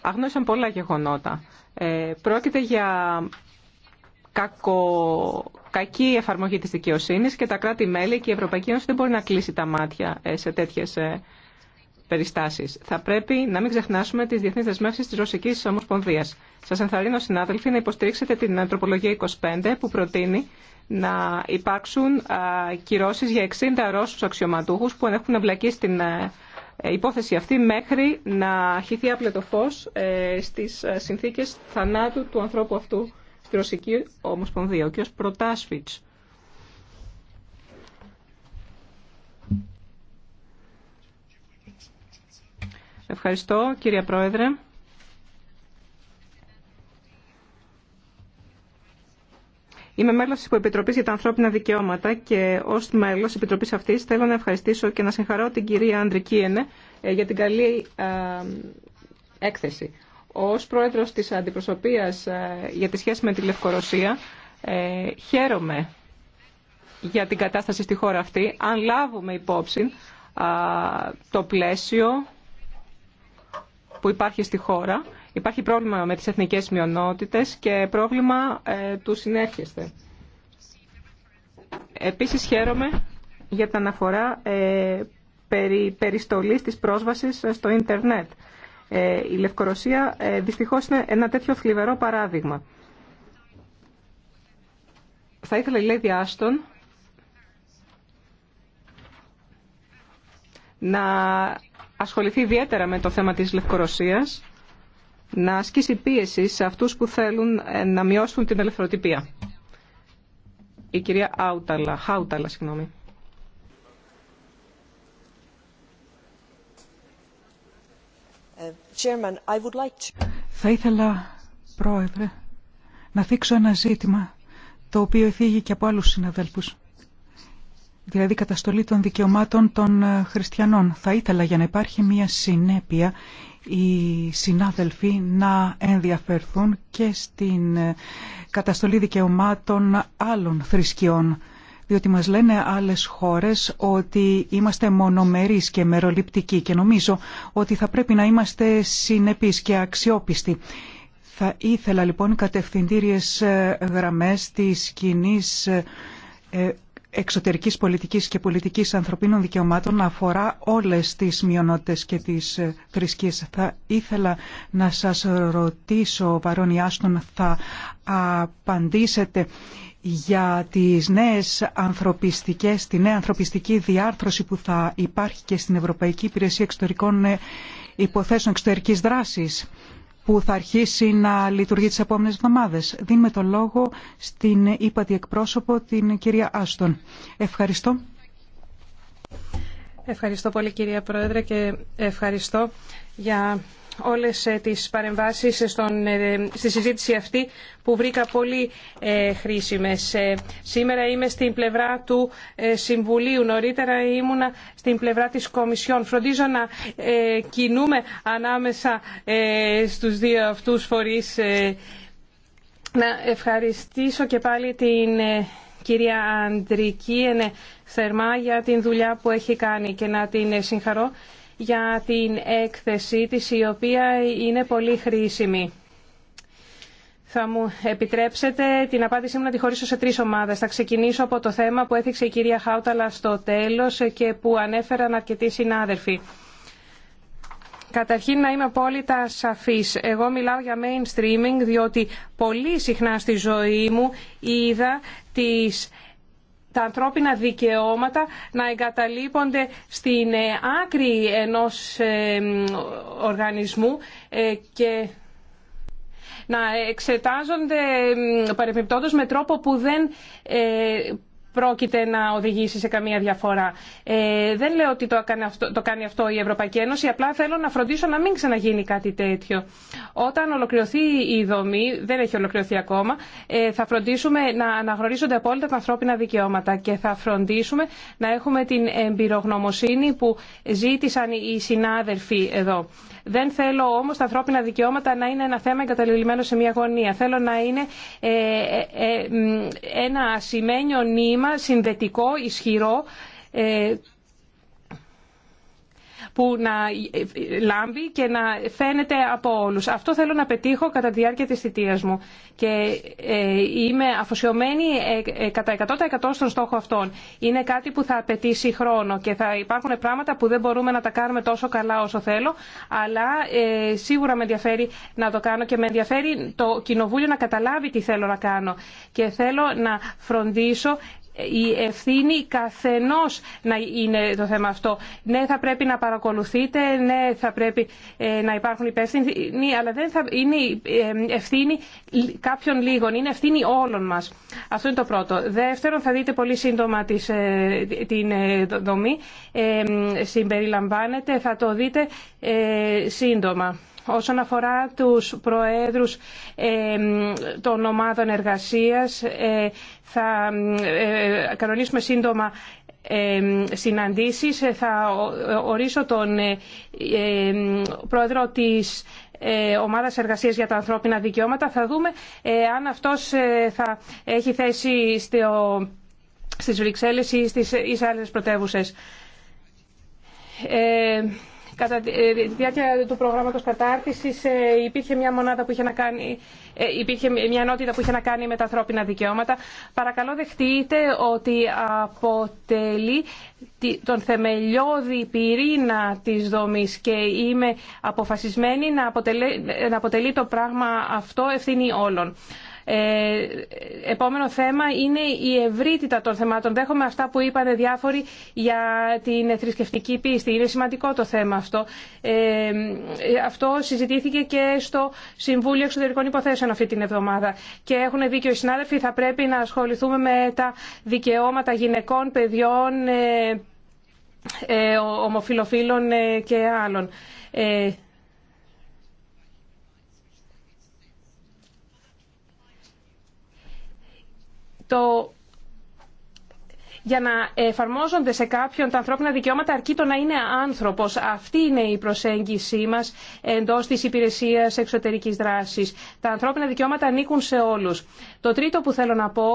αγνώρισαν πολλά γεγονότα. Ε, πρόκειται για κακο, κακή εφαρμογή της δικαιοσύνης και τα κράτη-μέλη και η Ευρωπαϊκή Ένωση δεν μπορεί να κλείσει τα μάτια ε, σε τέτοιες ε, περιστάσεις. Θα πρέπει να μην ξεχνάσουμε τις διεθνείς δεσμεύσεις της Ρωσικής Ομοσπονδίας. Σας ενθαρρύνω, συνάδελφοι, να υποστηρίξετε την αντροπολογία 25 που προτείνει να υπάρξουν κυρώσεις για 60 Ρώσους αξιωματούχους που έχουν εμπλακεί στην ε, υπόθεση αυτή μέχρι να χυθεί το φως ε, στις ε, συνθήκες θανάτου του ανθρώπου αυτού στη Ρωσική Ομοσπονδία, ο κ. Προτάσφιτς. Ευχαριστώ, κύριε Πρόεδρε. Είμαι μέλο τη Υποεπιτροπή για τα Ανθρώπινα Δικαιώματα και ω μέλο τη Επιτροπή αυτή θέλω να ευχαριστήσω και να συγχαρώ την κυρία Ανδρικίενε ε, για την καλή ε, έκθεση. Ω πρόεδρο τη Αντιπροσωπεία ε, για τη σχέση με τη Λευκορωσία, χαίρομαι για την κατάσταση στη χώρα αυτή, αν λάβουμε υπόψη το πλαίσιο που υπάρχει στη χώρα Υπάρχει πρόβλημα με τις εθνικές μειονότητες και πρόβλημα ε, του συνέρχεστε. Επίσης χαίρομαι για την αναφορά ε, περί περιστολής της πρόσβασης ε, στο ίντερνετ. Η Λευκορωσία δυστυχώς είναι ένα τέτοιο θλιβερό παράδειγμα. Θα ήθελα η Λέδη Άστον να ασχοληθεί ιδιαίτερα με το θέμα της Λευκορωσίας να ασκήσει πίεση σε αυτούς που θέλουν ε, να μειώσουν την ελευθεροτυπία. Η κυρία Άουταλα, Χάουταλα, συγγνώμη. Ε, Θα ήθελα, Πρόεδρε, να θίξω ένα ζήτημα το οποίο θίγει και από άλλους συναδέλφους. Δηλαδή καταστολή των δικαιωμάτων των ε, χριστιανών. Θα ήθελα για να υπάρχει μια συνέπεια οι συνάδελφοι να ενδιαφερθούν και στην ε, καταστολή δικαιωμάτων άλλων θρησκειών διότι μας λένε άλλες χώρες ότι είμαστε μονομερείς και μεροληπτικοί και νομίζω ότι θα πρέπει να είμαστε συνεπείς και αξιόπιστοι. Θα ήθελα λοιπόν κατευθυντήριες ε, γραμμές της κοινή ε, εξωτερικής πολιτικής και πολιτικής ανθρωπίνων δικαιωμάτων αφορά όλες τις μειονότητες και τις ε, θρησκείες. Θα ήθελα να σας ρωτήσω, Βαρόνι Άστον, θα απαντήσετε για τις νέες ανθρωπιστικές, τη νέα ανθρωπιστική διάρθρωση που θα υπάρχει και στην Ευρωπαϊκή Υπηρεσία Εξωτερικών ε, Υποθέσεων Εξωτερικής Δράσης που θα αρχίσει να λειτουργεί τις επόμενες εβδομάδες. Δίνουμε το λόγο στην ύπατη εκπρόσωπο, την κυρία Άστον. Ευχαριστώ. Ευχαριστώ πολύ κυρία Πρόεδρε και ευχαριστώ για όλες ε, τις παρεμβάσεις στον, ε, στη συζήτηση αυτή που βρήκα πολύ ε, χρήσιμες. Σήμερα είμαι στην πλευρά του Συμβουλίου, νωρίτερα ήμουνα στην πλευρά της Κομισιόν. Φροντίζω να κινούμε ανάμεσα στους δύο αυτούς φορείς. Να ευχαριστήσω και πάλι την κυρία Αντρική θερμά για την δουλειά που έχει κάνει και να την συγχαρώ για την έκθεσή της, η οποία είναι πολύ χρήσιμη. Θα μου επιτρέψετε την απάντησή μου να τη χωρίσω σε τρεις ομάδες. Θα ξεκινήσω από το θέμα που έθιξε η κυρία Χάουταλα στο τέλος και που ανέφεραν αρκετοί συνάδελφοι. Καταρχήν να είμαι απόλυτα σαφής. Εγώ μιλάω για mainstreaming διότι πολύ συχνά στη ζωή μου είδα τις τα ανθρώπινα δικαιώματα να εγκαταλείπονται στην ε, άκρη ενός ε, οργανισμού ε, και να εξετάζονται παρεμπιπτόντως με τρόπο που δεν πρόκειται να οδηγήσει σε καμία διαφορά. Ε, δεν λέω ότι το κάνει, αυτό, το κάνει αυτό η Ευρωπαϊκή Ένωση, απλά θέλω να φροντίσω να μην ξαναγίνει κάτι τέτοιο. Όταν ολοκληρωθεί η δομή, δεν έχει ολοκληρωθεί ακόμα, ε, θα φροντίσουμε να αναγνωρίζονται απόλυτα τα ανθρώπινα δικαιώματα και θα φροντίσουμε να έχουμε την εμπειρογνωμοσύνη που ζήτησαν οι συνάδελφοι εδώ. Δεν θέλω όμω τα ανθρώπινα δικαιώματα να είναι ένα θέμα εγκαταλελειμμένο σε μια γωνία. Θέλω να είναι ε, ε, ε, ένα ασημένιο νήμα συνδετικό, ισχυρό που να λάμπει και να φαίνεται από όλου. Αυτό θέλω να πετύχω κατά τη διάρκεια τη θητεία μου και ε, είμαι αφοσιωμένη ε, ε, κατά 100% στον στόχο αυτόν. Είναι κάτι που θα απαιτήσει χρόνο και θα υπάρχουν πράγματα που δεν μπορούμε να τα κάνουμε τόσο καλά όσο θέλω, αλλά σίγουρα με ενδιαφέρει να το κάνω και με ενδιαφέρει το Κοινοβούλιο να καταλάβει τι θέλω να κάνω. Και θέλω να φροντίσω η ευθύνη καθενός να είναι το θέμα αυτό. Ναι, θα πρέπει να παρακολουθείτε, ναι, θα πρέπει ε, να υπάρχουν υπεύθυνοι, αλλά δεν θα είναι ε, ευθύνη κάποιων λίγων, είναι ευθύνη όλων μας. Αυτό είναι το πρώτο. Δεύτερον, θα δείτε πολύ σύντομα της, ε, την δομή, συμπεριλαμβάνεται, θα το δείτε σύντομα. Όσον αφορά τους προέδρους ε, των ομάδων εργασίας, ε, θα ε, κανονίσουμε σύντομα συναντήσεις. Θα ορίσω τον πρόεδρο της ομάδας εργασίας για τα ανθρώπινα δικαιώματα. Θα δούμε αν αυτός θα έχει θέση στο, στις Βρυξέλλες ή στις, ή σε άλλες πρωτεύουσες. Κατά ε, τη διάρκεια του προγράμματος κατάρτισης ε, υπήρχε μια μονάδα που είχε να κάνει, ε, υπήρχε μια ενότητα που είχε να κάνει με τα ανθρώπινα δικαιώματα. Παρακαλώ δεχτείτε ότι αποτελεί τον θεμελιώδη πυρήνα της δομής και είμαι αποφασισμένη να αποτελεί, να αποτελεί το πράγμα αυτό ευθύνη όλων. Ε, επόμενο θέμα είναι η ευρύτητα των θεμάτων. Δέχομαι αυτά που είπαν διάφοροι για την θρησκευτική πίστη. Είναι σημαντικό το θέμα αυτό. Ε, αυτό συζητήθηκε και στο Συμβούλιο Εξωτερικών Υποθέσεων αυτή την εβδομάδα. Και έχουν δίκιο οι συνάδελφοι, θα πρέπει να ασχοληθούμε με τα δικαιώματα γυναικών, παιδιών, ε, ε ομοφιλοφίλων ε, και άλλων. Ε, το για να εφαρμόζονται σε κάποιον τα ανθρώπινα δικαιώματα αρκεί το να είναι άνθρωπος. Αυτή είναι η προσέγγιση μας εντός της υπηρεσίας εξωτερικής δράσης. Τα ανθρώπινα δικαιώματα ανήκουν σε όλους. Το τρίτο που θέλω να πω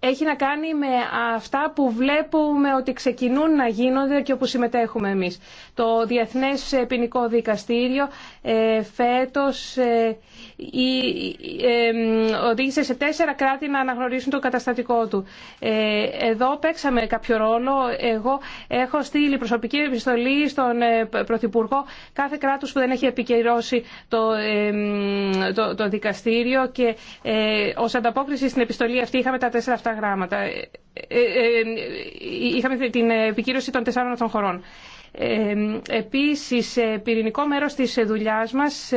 έχει να κάνει με αυτά που βλέπουμε ότι ξεκινούν να γίνονται και όπου συμμετέχουμε εμείς. Το Διεθνές Ποινικό Δικαστήριο ε, φέτος ε, ε, οδήγησε σε τέσσερα κράτη να αναγνωρίσουν το καταστατικό του. Εδώ παίξαμε κάποιο ρόλο. Εγώ έχω στείλει προσωπική επιστολή στον Πρωθυπουργό κάθε κράτος που δεν έχει επικαιρώσει το, το, το δικαστήριο και ως ανταπόκριση στην επιστολή αυτή είχαμε τα τέσσερα αυτά τα γράμματα. Ε, ε, ε, είχαμε την επικύρωση των τεσσάρων των χωρών. Επίσης, πυρηνικό μέρος της δουλειάς μας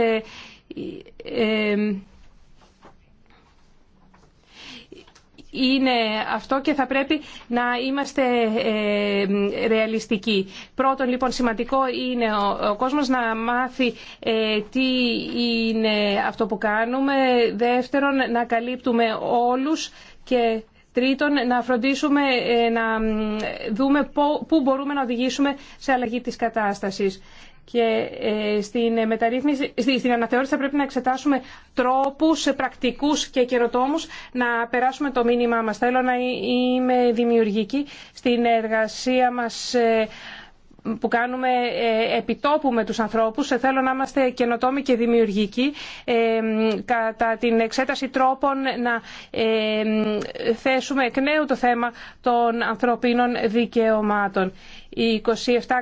είναι αυτό και θα πρέπει να είμαστε ρεαλιστικοί. Πρώτον, λοιπόν, σημαντικό είναι ο κόσμος να μάθει τι είναι αυτό που κάνουμε. Δεύτερον, να καλύπτουμε όλους και Τρίτον, να φροντίσουμε ε, να δούμε πού μπορούμε να οδηγήσουμε σε αλλαγή της κατάστασης. Και ε, στην, μεταρρύθμιση, στην αναθεώρηση θα πρέπει να εξετάσουμε τρόπους ε, πρακτικούς και καιροτόμους να περάσουμε το μήνυμά μας. Θέλω να είμαι δημιουργική στην εργασία μας που κάνουμε ε, επιτόπου με τους ανθρώπους. Ε, θέλω να είμαστε καινοτόμοι και δημιουργικοί ε, κατά την εξέταση τρόπων να θέσουμε εκ νέου το θέμα των ανθρωπίνων δικαιωμάτων. Οι 27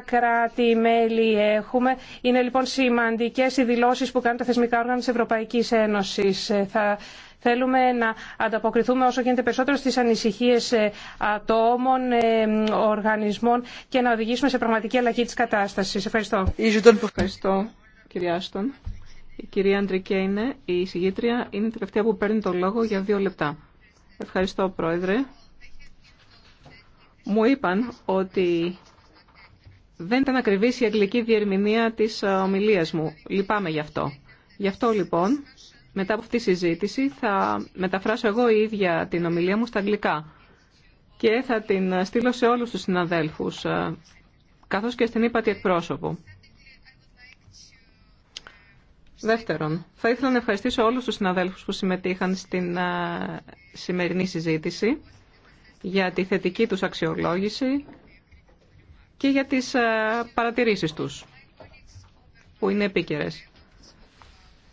κράτη-μέλη έχουμε. Είναι λοιπόν σημαντικές οι δηλώσεις που κάνουν τα θεσμικά όργανα της Ευρωπαϊκής Ένωσης. Θέλουμε να ανταποκριθούμε όσο γίνεται περισσότερο στις ανησυχίες ε, ατόμων, ε, οργανισμών και να οδηγήσουμε σε πραγματική αλλαγή της κατάστασης. Ευχαριστώ. Ευχαριστώ, κυρία Άστον. Η κυρία Αντρικέ είναι η συγγήτρια, είναι η τελευταία που παίρνει το λόγο για δύο λεπτά. Ευχαριστώ, Πρόεδρε. Μου είπαν ότι δεν ήταν ακριβής η αγγλική διερμηνία της ε, ομιλίας μου. Λυπάμαι γι' αυτό. Γι' αυτό, λοιπόν, μετά από αυτή τη συζήτηση θα μεταφράσω εγώ η ίδια την ομιλία μου στα αγγλικά και θα την στείλω σε όλους τους συναδέλφους, ε, καθώς και στην ύπατη εκπρόσωπο. Δεύτερον, θα ήθελα να ευχαριστήσω όλους τους συναδέλφους που συμμετείχαν στην ε, σημερινή συζήτηση για τη θετική τους αξιολόγηση και για τις ε, παρατηρήσεις τους, που είναι επίκαιρες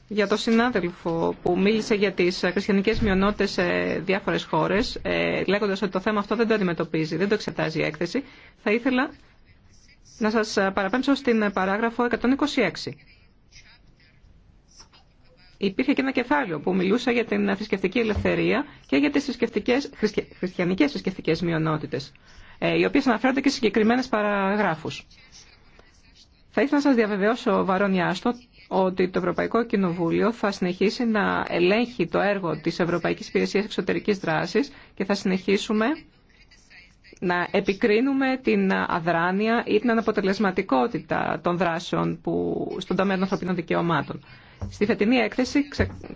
για το συνάδελφο που μίλησε για τι ε, χριστιανικέ μειονότητες σε διάφορες χώρες, ε, λέγοντας ότι το θέμα αυτό δεν το αντιμετωπίζει, δεν το εξετάζει η έκθεση, θα ήθελα να σας ε, παραπέμψω στην παράγραφο 126. Υπήρχε και ένα κεφάλαιο που μιλούσε για την θρησκευτική ελευθερία και για τις χριστιανικέ χριστιανικές θρησκευτικές οι οποίε αναφέρονται και σε συγκεκριμένες παραγράφους. Θα ήθελα να σας διαβεβαιώσω, Βαρόνια ότι το Ευρωπαϊκό Κοινοβούλιο θα συνεχίσει να ελέγχει το έργο της Ευρωπαϊκής Υπηρεσίας Εξωτερικής Δράσης και θα συνεχίσουμε να επικρίνουμε την αδράνεια ή την αναποτελεσματικότητα των δράσεων που, στον τομέα των ανθρωπίνων δικαιωμάτων. Στη φετινή έκθεση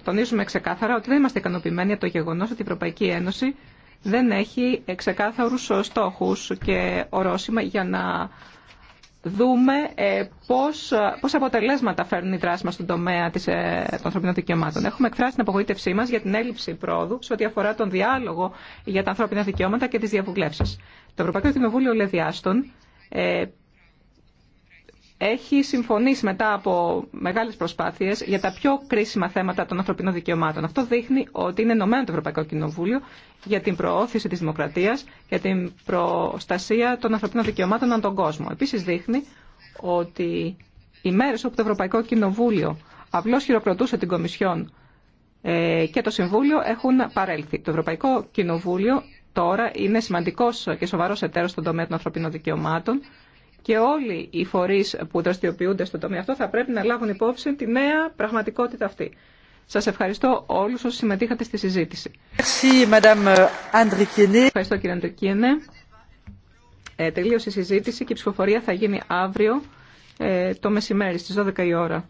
τονίζουμε ξεκάθαρα ότι δεν είμαστε ικανοποιημένοι από το γεγονός ότι η Ευρωπαϊκή Ένωση δεν έχει ξεκάθαρους στόχους και ορόσημα για να δούμε ε, πώς, πώς αποτελέσματα φέρνουν οι δράσεις μας στον τομέα της, ε, των ανθρωπίνων δικαιωμάτων. Έχουμε εκφράσει την απογοήτευσή μας για την έλλειψη πρόοδου σε ό,τι αφορά τον διάλογο για τα ανθρώπινα δικαιώματα και τις διαβουλεύσεις. Το Ευρωπαϊκό Κοινοβούλιο Λεδιάστον ε, έχει συμφωνήσει μετά από μεγάλες προσπάθειες για τα πιο κρίσιμα θέματα των ανθρωπίνων δικαιωμάτων. Αυτό δείχνει ότι είναι ενωμένο το Ευρωπαϊκό Κοινοβούλιο για την προώθηση της δημοκρατίας, για την προστασία των ανθρωπίνων δικαιωμάτων ανά τον κόσμο. Επίσης δείχνει ότι οι μέρες όπου το Ευρωπαϊκό Κοινοβούλιο απλώς χειροκροτούσε την Κομισιόν ε, και το Συμβούλιο έχουν παρέλθει. Το Ευρωπαϊκό Κοινοβούλιο τώρα είναι σημαντικός και σοβαρός εταίρος στον τομέα των ανθρωπίνων δικαιωμάτων και όλοι οι φορείς που δραστηριοποιούνται στον τομέα αυτό θα πρέπει να λάβουν υπόψη τη νέα πραγματικότητα αυτή. Σας ευχαριστώ όλους όσοι συμμετείχατε στη συζήτηση. Ευχαριστώ κύριε Αντρικίνε. Ε, τελείωσε η συζήτηση και η ψηφοφορία θα γίνει αύριο ε, το μεσημέρι στις 12 η ώρα.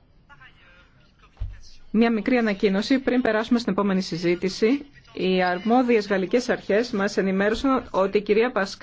Μια μικρή ανακοίνωση πριν περάσουμε στην επόμενη συζήτηση. Οι αρμόδιες γαλλικές αρχές μας ενημέρωσαν ότι η κυρία Πασκά